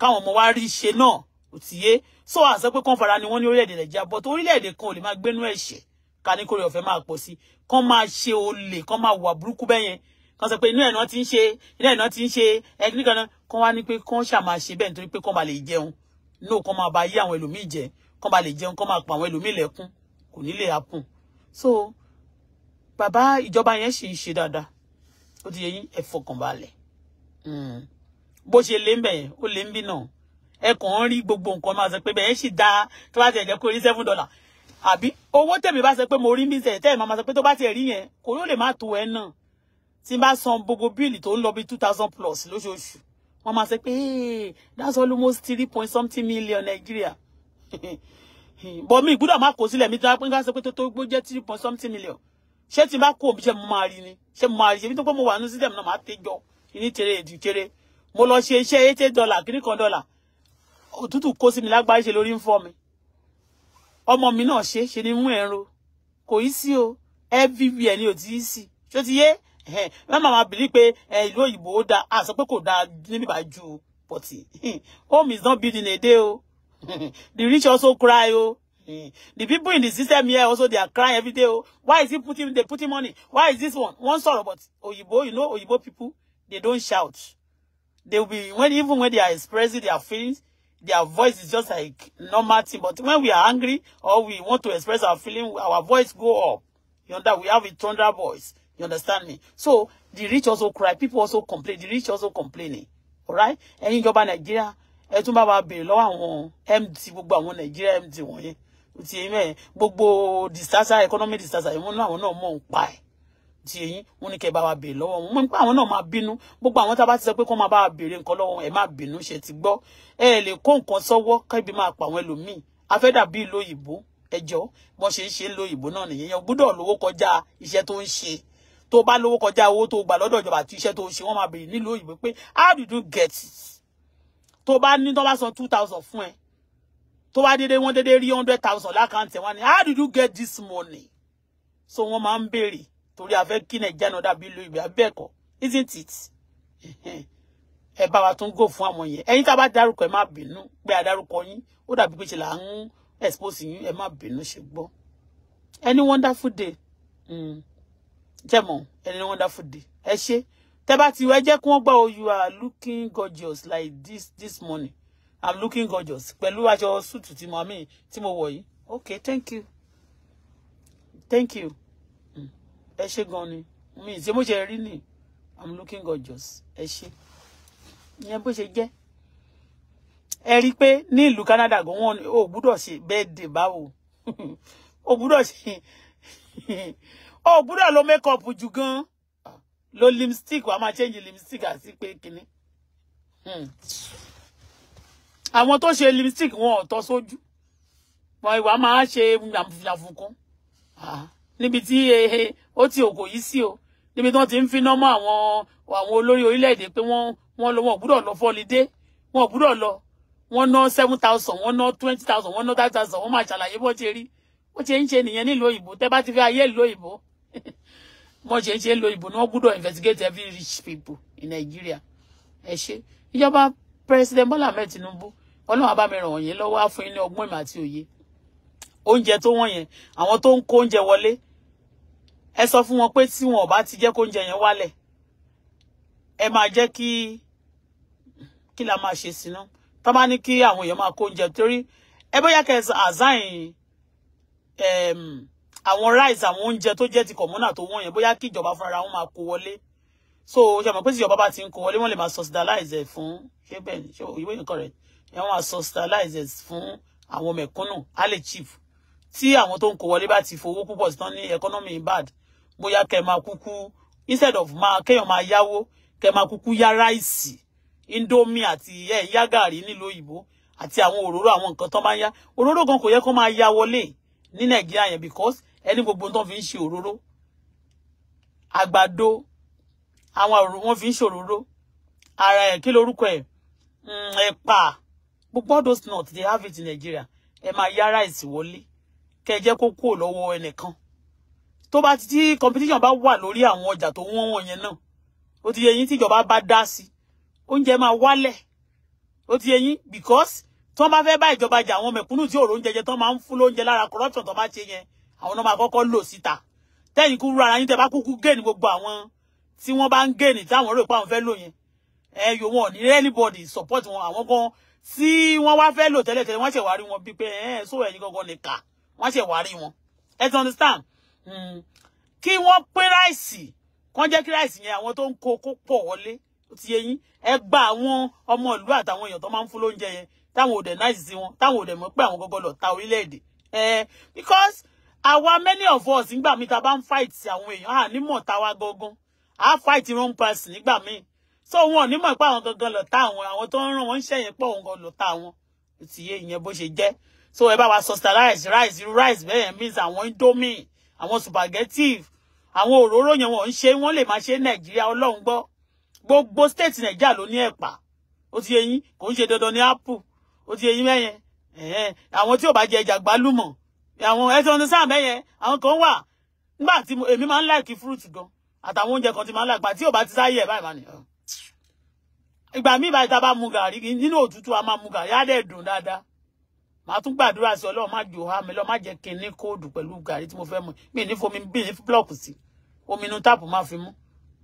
káwọn ọmọ wa rí ṣe náà ò ti yé so àṣẹ pé kán fara ni wọ́n ní orílẹ̀-èdè Nàìjíríà but orílẹ̀-èdè kan ò lè máa gbénú ẹ̀ṣẹ̀ ká ní kórè ọ̀fẹ́ máa pọ̀ sí kán máa ṣe olè kán máa wà burúkú bẹ́yẹn kan sọ pé inú ẹ̀ náà ti ń ṣe inú ẹ̀ náà ti ń ṣe kan kan wá ní pé kan ṣàmà ṣe bẹ́ẹ̀ nítorí pé kan bá lè jẹun no kan máa ba yí àwọn ẹlòmíì jẹ kan bá lè jẹun kan máa pa àwọn ẹlòmíì lẹ́kún kò ní lè apùn so bàbá ìjọba yẹn sì ń ṣe dáadáa ti yẹ yín ẹ fọkàn balẹ̀ hmm. bó ṣe lé ń bẹ̀ yẹn ó lé ń bí náà ẹ gbogbo nǹkan máa sọ pé bẹ́ẹ̀ sì dáa tó bá ti ẹ̀jẹ̀ kó rí seven dollar Abi owó tèmi bá sọ pé mo rí mi sẹ̀ tẹ́ ẹ̀ máa sọ pé to bá ti rí yẹn kò yóò lè má tó ẹ náà tí n bá san gbogbo bíìlì tó ń lọ bí two thousand plus lóṣooṣù wọ́n máa ṣe pé that's almost three point something million Nigeria but mi gbọ́dọ̀ má kó sílẹ̀ mi tí wọ́n bá ṣe pé tó tó gbó jẹ́ three point something million ṣé tí n bá kó òbí ṣe mo máa rí ni ṣe mo máa rí ṣe bí tó pé mo wà ní sísẹ̀mù náà máa tẹ́jọ́ ní tere èdè tere mo lọ ṣe iṣẹ́ eighty dollar kiri kan dollar òtútù kó sí mi lágbárí ṣe lórí ń fọ́ mi ọmọ mi náà ṣe ṣe ni mú ẹ̀rọ kò í sí o everywhere ni ò ti í sí ṣó ti yé ẹ máa máa bìlí pé ìlú òyìnbó ó a sọ pé kò dáa níbi ìbàjú pọ̀tì home is not building a day o the rich also cry o. Oh. The people in the system here also they are crying every day. Oh, why is he putting they putting money? Why is this one? One sorrow, but Oyibo, you know, Oyibo people, they don't shout. They will be when even when they are expressing their feelings, their voice is just like normal thing. But when we are angry or we want to express our feeling, our voice go up. You know that we have a thunder voice. You understand me? So the rich also cry. People also complain. The rich also complaining. All right? Ẹ̀yin ìjọba Nàìjíríà, ẹ tún bá wa béèrè lọ́wọ́ àwọn MD gbogbo àwọn Nàìjíríà MD wọ̀nyẹn. O ti yẹn mẹ́ẹ̀ gbogbo disaster economic disaster ìwọ̀n náà àwọn náà mọ̀ ń pa ẹ̀. Ti yẹn wọ́n ní kẹ́ bá wa béèrè lọ́wọ́ wọn. Mo ń pa àwọn náà máa bínú. Gbogbo àwọn tá a ti sọ pé kó máa bá wa béèrè nǹkan lọ́wọ́ ẹ̀ má bínú ṣe ti gbọ́. Ẹ lè kó nǹkan sọ́wọ́ kẹ́bi máa pa àwọn ẹlòmíì. Afẹ́dà bíi lóyìnbó ẹjọ́ bọ́n ṣe ń ṣe lóyìnbó náà nìyẹn. Gbọ́dọ̀ lówó kọjá iṣẹ́ tó ń ṣe tó bá lówó kọjá owó tó gbà lọ́dọ̀ ìjọba àti iṣẹ́ tó ṣe wọ́n máa béèrè nílùú òyìnbó pé how did you get it tó bá ní tó bá san two thousand fún ẹ tó bá dédé wọ́n dédé rí hundred thousand lákàntì wọn ni how did you get this money so wọ́n máa ń béèrè torí a fẹ́ kí nàìjíríà náà dàbí ìlú ìgbà bẹ́ẹ̀ kọ́ isn't it ẹ bá wa tún gò fún àwọn yẹn ẹ̀yin tá a bá dárúkọ ẹ má bínú pé a dárúkọ yín ó dàbí pé ṣe là ń expose yín ẹ má bínú ṣe gbọ́ any wonderful day. Mm jẹ́mọ̀ ẹni wonderful day ẹ ṣe tẹ́ bá ti wẹ́ jẹ́ kí wọ́n gbà ó oh, you are looking gorgeous like this this morning i'm looking gorgeous pẹ̀lú aṣọ súùtù tí mo àmì tí mo wọ̀ yìí okay thank you thank you mm. ẹ ṣe gan ni mi ṣe mo ṣe rí ni i'm looking gorgeous ẹ ṣe ìyẹn bó ṣe jẹ́ ẹ rí i pé ní ìlú Canada gan wọn ò gbúdọ̀ ṣe birthday báwo ò gbúdọ̀ ṣe Oh, gbúdọ̀ lo makeup jù gan lo lipstick wàá máa change lipstick àti pé kinní hmm. àwọn tó ṣe lipstick wọn ò tọ́ sójú wọn ìwà máa ṣe yàfùkún ah, níbi tí eh, eh, ó ti òkò yìí sí o níbi tí wọ́n ti ń fi nọ́mọ́ àwọn àwọn olórí orílẹ̀-èdè pé wọ́n wọ́n lọ wọn ò gbúdọ̀ lọ fọ́lidé wọn ò gbúdọ̀ lọ wọ́n ná seven thousand wọ́n ná twenty thousand wọ́n ná thirty thousand wọ́n máa ṣàlàyé bó ti rí bó ti ń ṣe nìyẹn nílùú òyìnbó tẹ́ bá ti fi ayé ìlú òyìnbó mo ṣe ń ṣe lo ìbò náà gbúdọ̀ investigate every rich people in Nigeria ẹ ṣe ìjọba president Bola Ahmed Tinubu ọlọ́run abámẹ́ràn wọ̀nyẹn lọ́wọ́ á fún yín ní ọgbọ́n ìmọ̀ àti òye oúnjẹ tó wọ́n yẹn àwọn tó ń kó oúnjẹ wọlé ẹ sọ fún wọn pé tí wọn ò bá ti jẹ́ kó oúnjẹ yẹn wálẹ̀ ẹ máa jẹ́ kí kí la máa ṣe sí náà tó bá ní kí àwọn èèyàn máa kó oúnjẹ torí ẹ bóyá kẹ́ ẹ assign àwọn rice àwọn oúnjẹ tó jẹ́ ti kọ̀mọ́nà tó wọ́n yẹn bóyá kí ìjọba fúnra wọn máa kó wọlé so ṣe mọ̀ pé tí ìjọba bá ti ń kó wọlé wọ́n lè máa subsidize ẹ̀ fún ṣé bẹ́ẹ̀ ni ṣé òyìnbó yẹn correct yẹn wọ́n máa subsidize ẹ̀ fún àwọn mẹ̀kúnnù á lè tí àwọn tó ń kó wọlé bá ti fowó púpọ̀ sí tán ní economy bad bóyá kẹ́ máa kúkú instead of máa kéèyàn máa yáwó kẹ́ máa kúkú yá ráìsì indomie àti ẹ̀ yá gàrí nílùú òyìnbó àti àwọn òróró àwọn nǹkan tó máa ń yá òróró gan kò yẹ kó máa yá wọlé ní nàìjíríà yẹn because ẹni gbogbo tó fi ń ṣe òróró àgbàdo àwọn òróró wọn fi ń ṣe òróró ara ẹ kí lorúkọ ẹ hmm, ẹ̀pà gbogbo those nuts they have it in Nigeria ẹ máa yára ìsìwọlé kẹ jẹ́ kó kúrò lọ́wọ́ ẹnìkan tó bá ti tí competition bá wà lórí àwọn ọjà tó wọ́n wọ̀nyẹn náà ó ti yẹ yín tíjọba bá dá sí oúnjẹ máa wálẹ̀ ó ti yẹ yín because tí wọ́n bá fẹ́ bá ìjọba jà àwọn mẹ̀kúnnù tí òòrùn jẹjẹ tán máa ń fún lóúnjẹ lára corruption tó bá ṣe yẹn àwọn náà máa kọ́kọ́ lò síta tẹ́yìn kúrú ara yín tẹ́ bá kúkú géènì gbogbo àwọn tí wọ́n bá ń géènì táwọn rò pé àwọn fẹ́ lò yẹn ẹ yò wọn ní anybody support wọn àwọn kan tí wọ́n wá fẹ́ lò tẹ́lẹ̀ tẹ́lẹ̀ wọ́n ṣẹ̀ wá rí wọn bíi pé ẹ̀ sọ ẹ̀yìn gangan lè kà wọ́n ṣẹ̀ wá rí wọn ẹ ti understand hmm. kí wọ́n pín ráìsì kán jẹ́ kí ráìsì yẹn àwọn tó ń kó kó pọ̀ wọlé ti yẹyìn ẹ gba àwọn ọmọ ìlú àtàwọn èèyàn tó máa ń fún lóúnjẹ yẹn táwọn ò dẹ̀ náìsì sí wọn táwọn ò dẹ̀ mọ̀ pé àwọn gọ́gọ́ lọ ta orílẹ̀-èdè because àwa many of us nígbà míì tá a bá ń fight àwọn èèyàn à nímọ̀ táwa gangan à á fight wrong person nígbà míì so wọn ò nímọ̀ pé àwọn gangan lọ̀tá àwọn àwọn tó ń ràn wọ́n ń ṣẹ̀yìn pọ̀ òun gan lọ̀tá àwọn ti yé ìyẹn bó ṣe jẹ́ so ẹ bá wa socialize rice irú rice bẹ́ẹ̀ yẹn means àwọn indomie àwọn spaghetti àwọn òróró yẹn wọ́n ń ṣe wọ́n lè máa ṣe nàìjíríà ọlọ́run gbọ́ gbogbo state nàìjíríà ló ní ẹ̀pà ó ti yé yín kò ń ṣe dandan ní apple ó ti yé yín mẹ́yẹn àwọn tí ò bá jẹ ẹja gbálùmọ̀ àwọn ẹ ti wọn ti sáà mẹ́yẹn àwọn kan wà nígbà tí èmi máa ń láìkí fúrúùtù gan àtàwọn oúnjẹ kan ti máa ń láìpá tí ò bá ti sáyé ẹ̀ báyìí máa nì ah. ìgbà míì báyìí tá a bá mu gàrí nínú òtútù a máa mu gàrí á dẹ̀ dùn dáadáa màá tún gbàdúrà sí ọlọ́run má jò há mi lọ má jẹ́ kí n ní kóòdù pẹ̀lú gàrí tí mo fẹ́ mu mi ní fomi bí ní blọọkù sí omi inú táàpù máa fi mú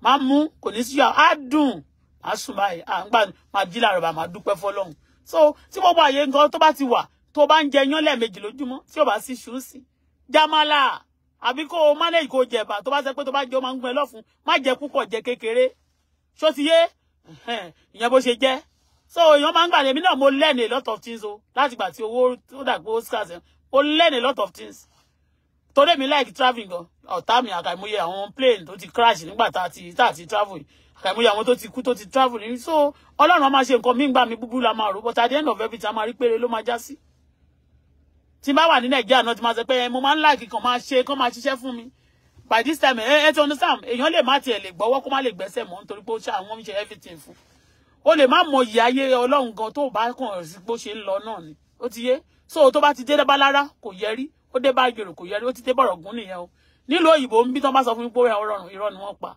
máa mú kò ní síyà á dùn á tó bá ń jẹ yán lẹ́ẹ̀mejì lójúmọ́ tí ò bá sí ṣùn sí jámálà àbí kó o manage kó o jẹ̀bà tó bá sẹ pé tó bá jẹ ó máa ń gbẹ lọ́fun má jẹ púpọ̀ jẹ kékeré ṣó ti yé ìyẹn bó ṣe jẹ́ so èèyàn máa ń gbà lèmi náà mo learn a lot of things o láti gbà tí owó tó dàgbé oscars mo learn a lot of things torí mi like travelling gan ọ̀tá mi àkàìmọye àwọn plane tó ti crash nígbà tá a ti tá a ti travel àkàìmọye àwọn tó ti kú tó ti travel so ọlọ́run á máa ṣe nǹkan mí gbà mí búburú la máa rò but at the end of every time a rí péré ló máa já sí tí n bá wà ní nàìjíríà náà ti máa sọ pé mo máa ń láàkì kan máa ṣe kán máa ṣiṣẹ́ fún mi by this time eh eh to understand èèyàn lè má tiẹ̀ lè gbọ́wọ́ kó má lè gbẹ́sẹ̀ mọ́ nítorí pé ó ṣe àwọn oúnjẹ everything fún o le má mo ìyá ayé ọlọ́run gan tó bá kàn sí bó ṣe ń lọ ni ó ti yé so tó bá ti dé dábá lára kò yẹrí ó dé bá gbèrò kò yẹrí ó ti dé bọ̀rọ̀ gún nìyẹn o nílùú òyìnbó ń bí tán bá sọ fún mi pé ọrọ̀rùn irọ́ ni wọ́n pa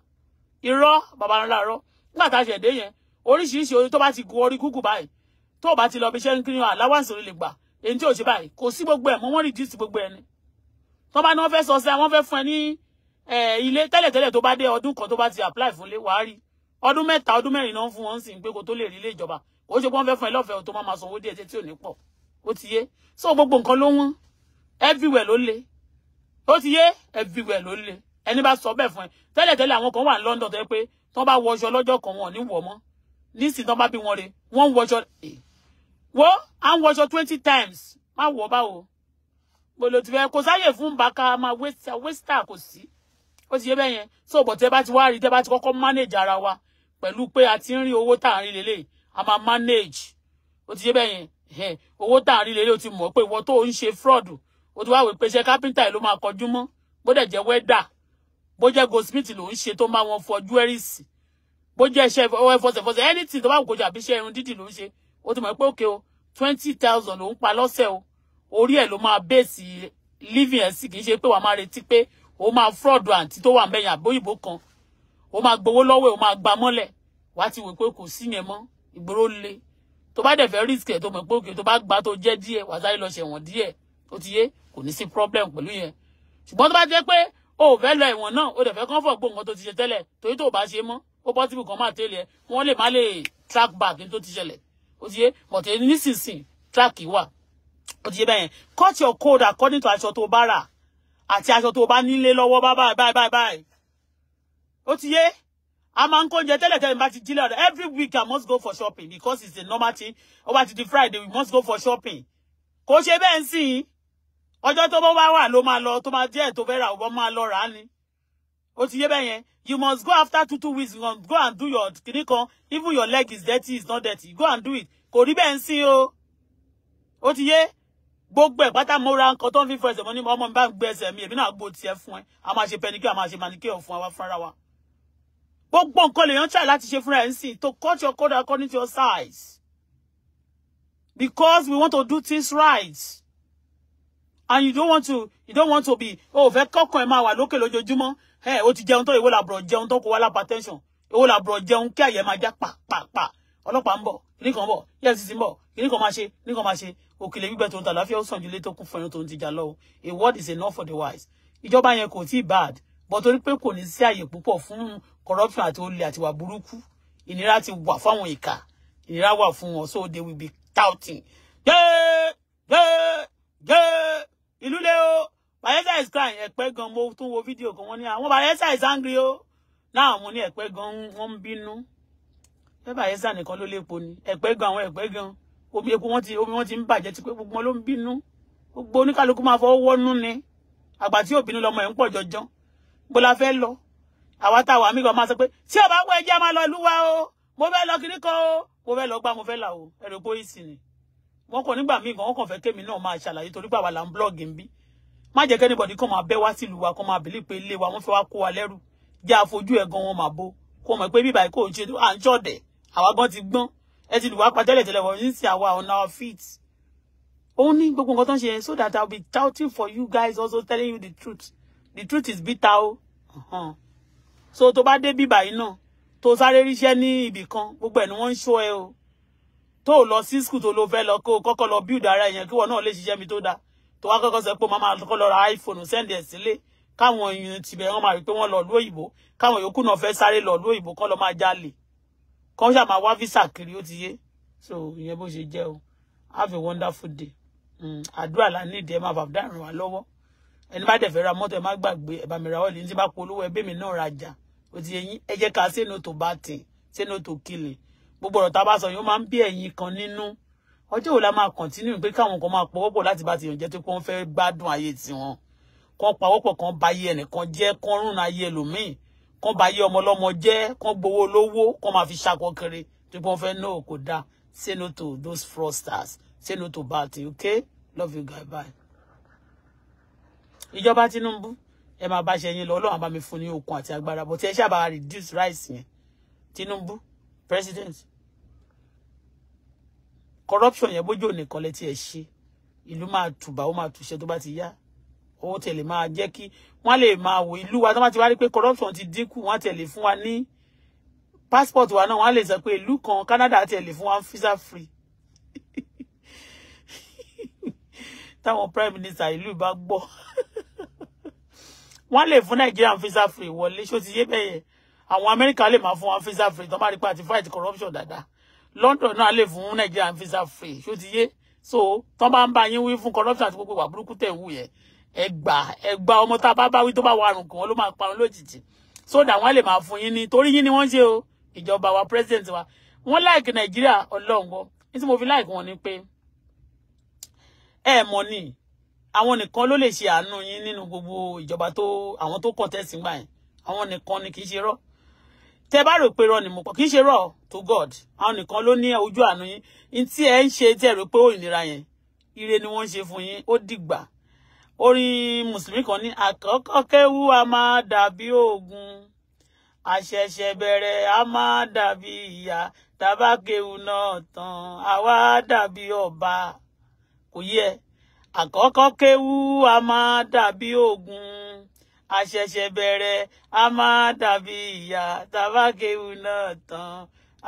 irọ́ bàbá ńlá rọ́ nígbà tá a ṣẹ̀dé yẹn oríṣiríṣi orí tó bá ti gun orí gúgù báyìí tó ba. ti lọ bí iṣẹ́ ń kiri hàn aláwàǹsì orí èyí tí ò ṣe báyìí kò sí gbogbo ẹ̀ mọ́ wọ́n reduce gbogbo ẹ̀ ni tó bá ní wọ́n fẹ́ sọ sí àwọn fẹ́ fún ẹ ní ilé tẹ́lẹ̀tẹ́lẹ̀ tó bá dé ọdún kan tó bá ti apply fún ilé wàá rí ọdún mẹ́ta ọdún mẹ́rin náà ń fún wọn sí pé kó tó lè rí ilé ìjọba kò ṣe pé wọ́n fẹ́ fún ẹ lọ́fẹ̀ẹ́ tó máa sanwó díẹ̀ tí ò ní pọ̀ ó ti yé so gbogbo nǹkan ló wọ́n everywhere ló le ó ti yé everywhere ló le ẹni bá sọ bẹ́ẹ̀ fún ẹ tẹ́lẹ̀tẹ́lẹ̀ àwọn kan wà ní London tó yẹ pé tó bá wọṣọ lọ́jọ́ kan wọn ò ní wọ̀ mọ́ nísìnyí tó bá bí wọn re wọ́n wọṣọ wo à ń wọṣọ twenty times má wọ báwo gbolo ti fẹ kò sáyè fún bàkà máa wẹsítà kò sí ó ti yé bẹ́ẹ̀ yẹn so bọ̀ tẹ́ bá ti wá rí tẹ́ bá ti kọ́kọ́ manage ara wa pẹ̀lú pé a ti ń rí owó tá à a máa manage ó ti yé bẹ́ẹ̀ yẹn owó tá à ń rí lélẹ̀ ó ti mọ̀ pé ìwọ tó ń ṣe fraud ó ti wá wí pé iṣẹ́ kápẹ́ńtà yìí ló máa kọjú mọ́ bó dẹ̀ jẹ́ wẹ́dà bó jẹ́ goldsmith ló ń ṣe tó máa wọn fọ jewelries bó jẹ́ iṣẹ́ ẹfọsẹ̀fọsẹ̀ anything tó bá wù kó jà bí irun dídì ló ń ó ti mọ̀ pé òkè o twenty thousand ló ń pa lọ́sẹ̀ o orí ẹ̀ ló máa bẹ́ẹ̀sì living ẹ̀ sì kì í ṣe pé wàá máa retí pé ó máa fraud àǹtí tó wà mẹ́yìn àbóyìnbó kan ó máa gbowó lọ́wọ́ o ó máa gba mọ́lẹ̀ wàá ti wò pé kò sí yẹn mọ́ ìgboro le tó bá dẹ̀ fẹ́ risk ẹ̀ tó mọ̀ pé òkè tó bá gbà tó jẹ́ díẹ̀ wàá sáré lọ ṣẹ̀wọ̀n díẹ̀ ó ti yé kò ní sí problem pẹ̀lú yẹn ṣùgbọ́n tó bá jẹ́ pé o ò fẹ́ lọ ẹ̀wọ̀n náà o dẹ̀ fẹ́ kọ́ńfọ̀ gbó nǹkan tó ti ṣe tẹ́lẹ̀ torí tó bá ṣe mọ́ ó bọ́ síbi kan máa tẹ́lẹ̀ wọ́n lè má lè track back ní tó ti ṣẹlẹ̀ ó ti yé but nísinsìnyí track wà ó ti yé bẹ́ẹ̀ yẹn cut your code according to aṣọ tó bá rà àti aṣọ tó bá nílé bye bye. báyìí báyìí báyìí ó ti yé a máa ń kó oúnjẹ tẹ́lẹ̀ tẹ́lẹ̀ ti jílẹ̀ every week I must go for shopping because it's a normal thing ó bá ti Friday we must go for shopping kò ṣe bẹ́ẹ̀ ń sìn ọjọ́ tó bá wà ló máa lọ tó máa díẹ̀ tó fẹ́ rà ó máa lọ rà á ni ó you must go after two two weeks you go and do your kìnnì even your leg is dirty it's not dirty go and do it kò rí bẹ́ẹ̀ ń sí o ó ti yé gbogbo ẹ̀ pátá mo ra nǹkan tó ń fi fọ ẹsẹ̀ mo ní ọmọ mi bá ń gbé ẹsẹ̀ mi èmi náà gbó tiẹ̀ fún ẹ a máa ṣe pẹnikẹ́ a máa ṣe manikẹ́ fún wa fúnra wa gbogbo nǹkan lèèyàn ṣàì láti ṣe fúnra ẹ̀ ń to cut your cord according to your size because we want to do things right and you don't want to you don't want to be oh fẹ́ kọ́kàn ẹ̀ máa wà lókè lójoojúmọ́ ẹ ó ti jẹun tó ìwé làbúrò jẹun tó kó wá lápá tẹ́ńsọ̀n ìwé làbúrò jẹun kí àyẹ̀ máa já pàpàpà ọlọ́pàá ń bọ̀ kìnnì kan bọ̀ efcc ń bọ̀ kìnnì kan máa ṣe kìnnì kan máa ṣe òkèlè gbígbẹ to ń ta láfíà ó sàn ju ilé tó kún fún ẹran tó ń ti jà lọ o a word is enough for the wise ìjọba yẹn kò tí ì bad but torí pé kò ní sí àyè púpọ̀ fún corruption àti olè àti wà burúkú ìnira ti wà fáwọn ìkà ìnira wà fún wọn so they will be touting. yéé yéé yéé ìlú lé o Bayelsa is crying ẹ̀pẹ́ gan mo tún wo fídíò kan wọ́n ní àwọn Bayelsa is angry o náà mo ní ẹ̀pẹ́ gan wọ́n ń bínú pé Bayelsa nìkan ló lépo ni ẹ̀pẹ́ gan àwọn ẹ̀pẹ́ gan omi epo wọn ti omi wọn ti ń bàjẹ́ ti pé gbogbo wọn ló ń bínú gbogbo oníkálukú máa fọwọ́ wọ́nú ni àgbà tí òbínú lọmọ ẹ̀ ń pọ̀ jọjọ́ bó la fẹ́ lọ àwa tá a wà mí kan máa sọ pé tí ọba wọ ẹjẹ máa lọ lúwa o mo fẹ́ lọ kiri kan o mo fẹ́ lọ gbá mo fẹ́ là o ẹ̀rọ pọ́ìsì ni wọ́n kàn nígbà míì kan wọ́n kàn fẹ́ kémi náà máa ṣàlàyé torí pé là ń blọ́ọ̀gì ń bí má jẹ́ anybody come máa bẹ́ wá sílùú wa kàn máa bìlí pé ilé wa wọ́n fẹ́ wá kó wa lẹ́rù jẹ́ àfojú ẹ̀ gan wọn máa bó kó mọ̀ pé bíbá ìkó òun ṣe à ń ṣọ̀dẹ̀ àwa gan ti gbọ́n ẹ ti lù wá pa tẹ́lẹ̀ tẹ́lẹ̀ wọ̀ ní sí àwa on our feet. Only ní gbogbo nǹkan tó ń so that I'll be touting for you guys also telling you the truth the truth is bitter Uh-huh. so tó bá dé bíbá yìí náà tó sáré ríṣẹ́ ní ibì kan gbogbo ẹ̀ ni wọ́n ń ṣó ẹ o tó lọ sí skul tó lọ fẹ́ lọ kó kọ́kọ́ build ara yẹn kí wọn náà lè ṣiṣẹ́ mi tó dáa tó wá kọ́kọ́ sọ pé màmá kọ́ lọ ra iPhone sẹ́ndì ẹ̀ sílé káwọn èèyàn tìbẹ̀ wọn máa rí pé wọ́n lọ lú òyìnbó káwọn yòókù náà fẹ́ sáré lọ lú òyìnbó kọ́ lọ máa jalè kọ́ ṣáà máa wá visa kiri ó ti yé so ìyẹn bó ṣe jẹ́ o have a wonderful day mm, àdúrà la nídìí ẹ máa bàbá dàrún wa lọ́wọ́ ẹni bá dẹ̀ ra mọ́tò ẹ má gbàgbé ẹ bá mi ra ọ́ọ̀lì ní tí bá polówó ẹbí mi náà rajà ó ti yẹ ẹ jẹ́ ká sẹ́nu tó bá tì sẹ́nu tó killing gbogbo ọ̀rọ̀ tá a bá sọ yóò máa ń bí ẹ̀yin kan nínú ọjọ́ òla máa kọ̀ntínú pé káwọn kan máa pọ̀wọ́pọ̀ láti bá ti yànjẹ́ tó kó ń fẹ́ gbádùn ayé tiwọn kan pawọ́pọ̀ kan ba ayé ẹnìkan jẹ́ kan rún ayé ẹlòmíì kan ba ayé ọmọ ọlọ́mọ jẹ́ kan gbowó lówó kan máa fi ṣakọ kiri tó kó ń fẹ́ náà kò dáa say no to those fraudsters say no to bad thing okay love you guy bye. ìjọba Tinubu ẹ máa bá ṣe yín lọ Ọlọ́run bá mi fún ní okun àti agbára bó ti ẹ ṣáà bá reduce rice yẹn Tinubu president corruption yẹn bójú òní kan lẹ́tí ẹ̀ ṣe ìlú máa tùbà ó máa túṣẹ́ tó bá ti yá owó tẹ̀lé máa jẹ́ kí wọ́n lè máa wò ìlú wa tó bá ti wá rí pé corruption ti dínkù wọ́n tẹ̀lé fún wa ní passport wa náà wọ́n lè sọ pé ìlú kan Canada tẹ̀lé fún wa visa free táwọn prime minister ìlú bá gbọ́ wọ́n lè fún Nàìjíríà visa free wọlé ṣó ti yé bẹ́yẹn àwọn Amẹ́ríkà lè máa fún wa visa free tó bá rí pé àti fight corruption dáadáa London náà lè fún Nàìjíríà visa free ṣó ti yé so tán bá ń bá yín wí fún corruption àti gbogbo ìwà burúkú tẹ̀ ń wù yẹn ẹgbà ẹgbà ọmọ tá a bá bá wí tó bá wà àrùn kàn wọn ló máa parun lójijì so dà wọn lè máa fún yín ní torí yín ni wọ́n ṣe o ìjọba wa president wa wọ́n láìkì Nàìjíríà Ọlọ́run gbọ́ ní tí mo fi láìkì wọn ni pé ẹ mọ̀ ni àwọn nìkan ló lè ṣe àánú yín nínú gbogbo ìjọba tó àwọn tó contest gbà yẹn àwọn nìkan ni kì í ṣe rọ́ọ̀ tẹ bá rò pé rọ ni mo pọ kì í ṣe rọ to god àwọn nìkan ló ní ojú àánú yín ní tí ẹ ń ṣe tí ẹ rò pé òmìnira yẹn ire ni wọ́n ń ṣe fún yín ó dìgbà orin mùsùlùmí kan ní àkọ́kọ́ kéwú a máa dàbí oògùn àṣẹ̀ṣẹ̀ bẹ̀rẹ̀ a máa dàbí ìyá tabakéwu náà tán a wá dàbí ọba kò yẹ àkọ́kọ́ kéwú a máa dàbí oògùn àṣẹ̀ṣẹ̀ bẹ̀rẹ̀ a máa dàbí ìyá tàbákéwu náà tán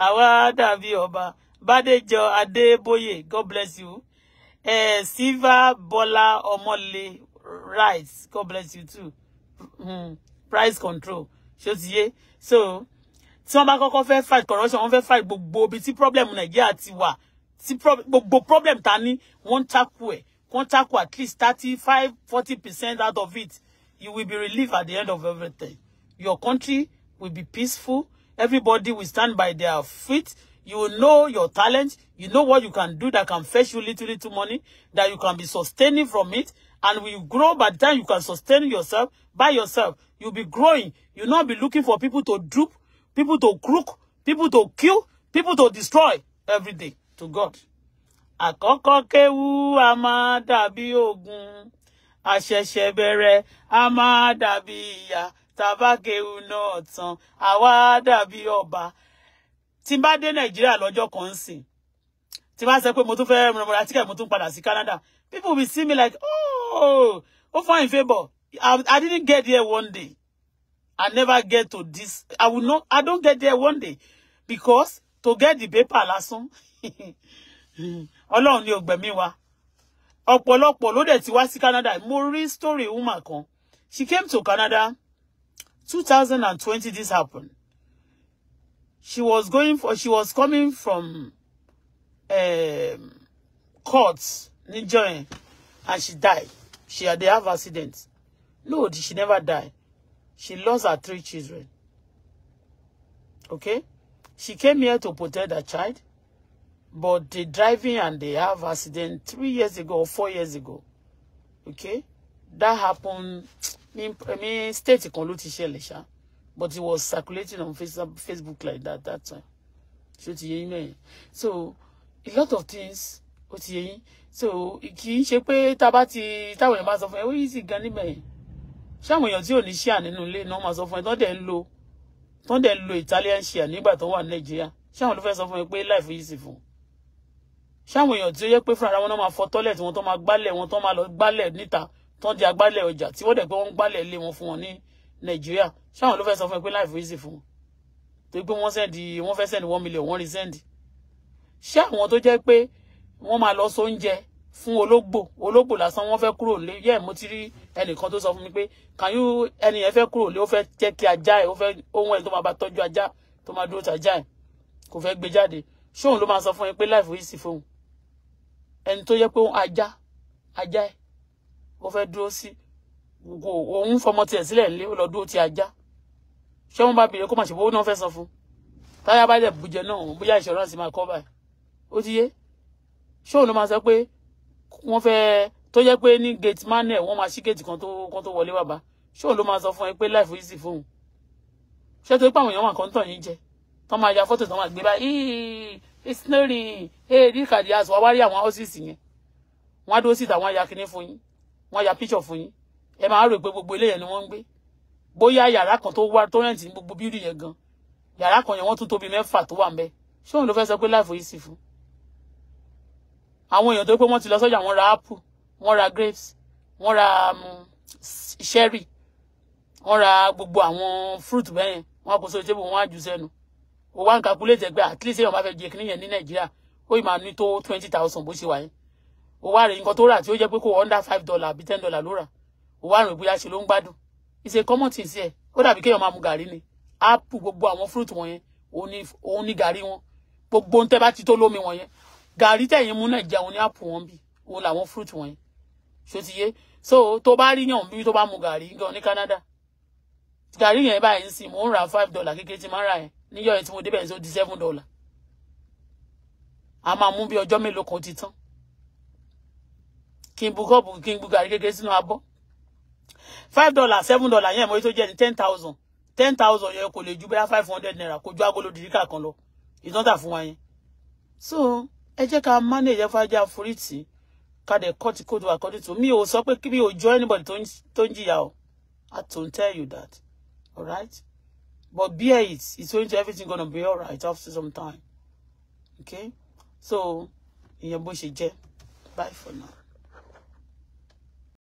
àwa dàbí ọba bàdéjọ adébóyè god bless you eh, silva bọ́lá ọmọlé rice god bless you too mm, price control ṣó so tí wọ́n bá kọ́kọ́ fẹ́ fight corruption wọ́n fẹ́ fight gbogbo ibi tí problem nàìjíríà ti wà tí gbogbo problem ta ní wọ́n ń takú ẹ̀ wọ́n ń takú at least thirty five forty percent out of it you will be relieved at the end of everything. Your country will be peaceful. Everybody will stand by their feet. You will know your talent. You know what you can do that can fetch you little, little money, that you can be sustaining from it. And will grow by the time you can sustain yourself by yourself. You'll be growing. You'll not be looking for people to droop, people to crook, people to kill, people to destroy every day to God. Àkọ́kọ́ kéwú a máa ogun àṣẹ̀ṣẹ̀ bẹ̀rẹ̀ a máa dàbí ìyá tabakewu náà tán àwa dàbí ọba tí n bá dé nàìjíríà lọ́jọ́ kan ń sìn tí n bá sọ pé mo tún fẹ́ rọmọdà tíkẹ̀ mo tún padà sí Canada people will see me like oh ó fine favour I, I didn't get there one day I never get to this I will not I don't get there one day because to get the paper lásán Ọlọ́run ni ò gbẹ̀mí wa ọ̀pọ̀lọpọ̀ ló dẹ̀ ti wá sí Canada mo rí story woman kan she came to Canada 2020 this happened she was going for she was coming from um, court níjọ́ and she died she had have accident no she never die she lost her three children okay she came here to protect her child but they driving and they have accident three years ago or four years ago okay that happened I mean, state kan ló ti ṣẹlẹ̀ but it was circulating on Facebook like that that time ṣó ti yé yín mẹ́yìn so a lot of things ó ti yé yín so kì í ṣe pé tá a bá ti táwọn èèyàn bá sọ fún ẹ ó yí sí gan níbẹ̀ yẹn ṣáwọn èèyàn tí ò ní ṣíà nínú ilé náà máa sọ fún ẹ tán dẹ̀ ń lo tán dẹ̀ ń lo Italian ṣíà nígbà tó wà ní Nàìjíríà ṣáwọn ló fẹ́ sọ fún ẹ pé life yìí sì fún un ṣáwọn èèyàn tí ó yẹ pé fúnra wọn náà máa fọ tọ́lẹ̀ tí wọ́n tó máa gbálẹ̀ wọn tó máa lọ gbálẹ̀ níta tó ń di agbálẹ̀ ọjà tí wọ́n dẹ̀ pé wọ́n ń gbálẹ̀ ilé wọn fún wọn ní nàìjíríà ṣáwọn ló fẹ́ sọ fún ẹ pé láì fòyísì fún wọn torí pé wọ́n sẹ́ndì wọ́n fẹ́ sẹ́ndì one million wọ́n rí sẹ́ndì ṣé àwọn tó jẹ́ pé wọ́n máa lọ sóúnjẹ fún ológbò ológbò lásán wọ́n fẹ́ kúrò lé yẹ mo ti rí ẹnìkan tó sọ fún mi pé can you ẹni yẹn fẹ́ kúrò lé ó fẹ́ jẹ́ kí ajá ẹ̀ ó fẹ́ ohun ẹ̀ tó máa bá tọ́jú ajá tó máa dúró tajá ẹ̀ kò fẹ́ gbé jáde ṣóun ló máa sọ fún ẹ pé láì fòyísì fóun ẹni tó yẹ pé ajá ajá ẹ ó fẹ́ dúró sí òun fọmọ tiẹ̀ sílẹ̀ ńlé ó lọ dúró ti ajá ṣé wọ́n bá bèrè kó má ṣe owó náà fẹ́ san fún táyà bá dẹ̀ bùjẹ náà bóyá insurance máa kọ́ báyìí ó ti yé ṣé òun ló máa sọ pé wọ́n fẹ́ tó yẹ pé ní gate man ẹ̀ wọ́n máa ṣí gate kan tó kan tó wọlé wà bá ṣé òun ló máa sọ fún ẹ pé life easy fóun ṣé torí pé àwọn èèyàn wà kan tàn yín jẹ tọ́ máa ya fọ́tò tọ́ máa gbé báyìí it's not in hey this card has what, wárí àwọn ọ́síìsì yẹn wọ́n what, dúró síta wọ́n á ya kinní fún yín wọ́n á ya píṣọ̀ fún yín ẹ máa rò pé gbogbo ilé yẹn ni wọ́n ń gbé bóyá yàrá kan tó wá tó rẹ̀ǹtì ní gbogbo bíúdì yẹn gan yàrá kan yẹn wọ́n tún tóbi mẹ́fà tó wà ń bẹ ṣé òun ló fẹ́ sọ pé láìfò yìí sì fún àwọn èèyàn tó pé wọ́n ti lọ sọ́jà wọ́n ra apple wọ́n ra grapes wọ́n ra sherry um, wọ́n ra gbogbo àwọn fruit bẹ́ẹ̀ wọ́n kò sóri tébù wọ́n á jù sẹ́nu o wá ń calculate ẹgbẹ́ at least èèyàn bá fẹ́ jẹ kínní yẹn ní nàìjíríà ó ì máa ní tó twenty thousand bó ṣe wà yẹn ó wá rè nǹkan tó rà tí ó jẹ́ pé kò under five dollar àbí ten dollar ló rà ó wá rè bóyá ṣe ló ń gbádùn ìṣe common thing sí ẹ ó dàbí kéèyàn máa mu gàrí ni apple gbogbo àwọn fruit wọ̀nyẹn òun ni gàrí wọn gbogbo ń tẹ́ bá ti tó lómi wọ̀nyẹn gàrí tẹ̀yìn mú nàìjíríà òun ni apple wọn bì òun làwọn fruit wọ̀nyẹn ṣó ti yé so tó bá rí yàn bí tó bá mu gàrí gan ní Canada gàrí yẹn báyìí ń sìn mò ń ra five dollar kékeré tí máa ń ra yẹn níyọ̀ yẹn tí mo débẹ̀ ní so di seven dollar a máa mú bí ọjọ́ mélòó kan ti tán kí n bu kọ́ọ̀bù kí n bu gàrí kékeré sínú abọ́ five dollar seven dollar yẹn mo yí tó jẹ́ ní ten thousand ten thousand yẹn kò ju bẹ́ẹ̀ five hundred naira kò ju agolo dìríkà kan lọ ìtọ́ta fún wa yẹn so ẹ jẹ́ ká manage ẹ fájá forítì ká dẹ̀ cut code according to me ò sọ pé kí mi ò jọ anybody tó ń jìyà o I don't tell you that all right. But bear it. It's going to everything gonna be alright. right after some time. Okay? So, in your bush, jẹ́. Bye for now.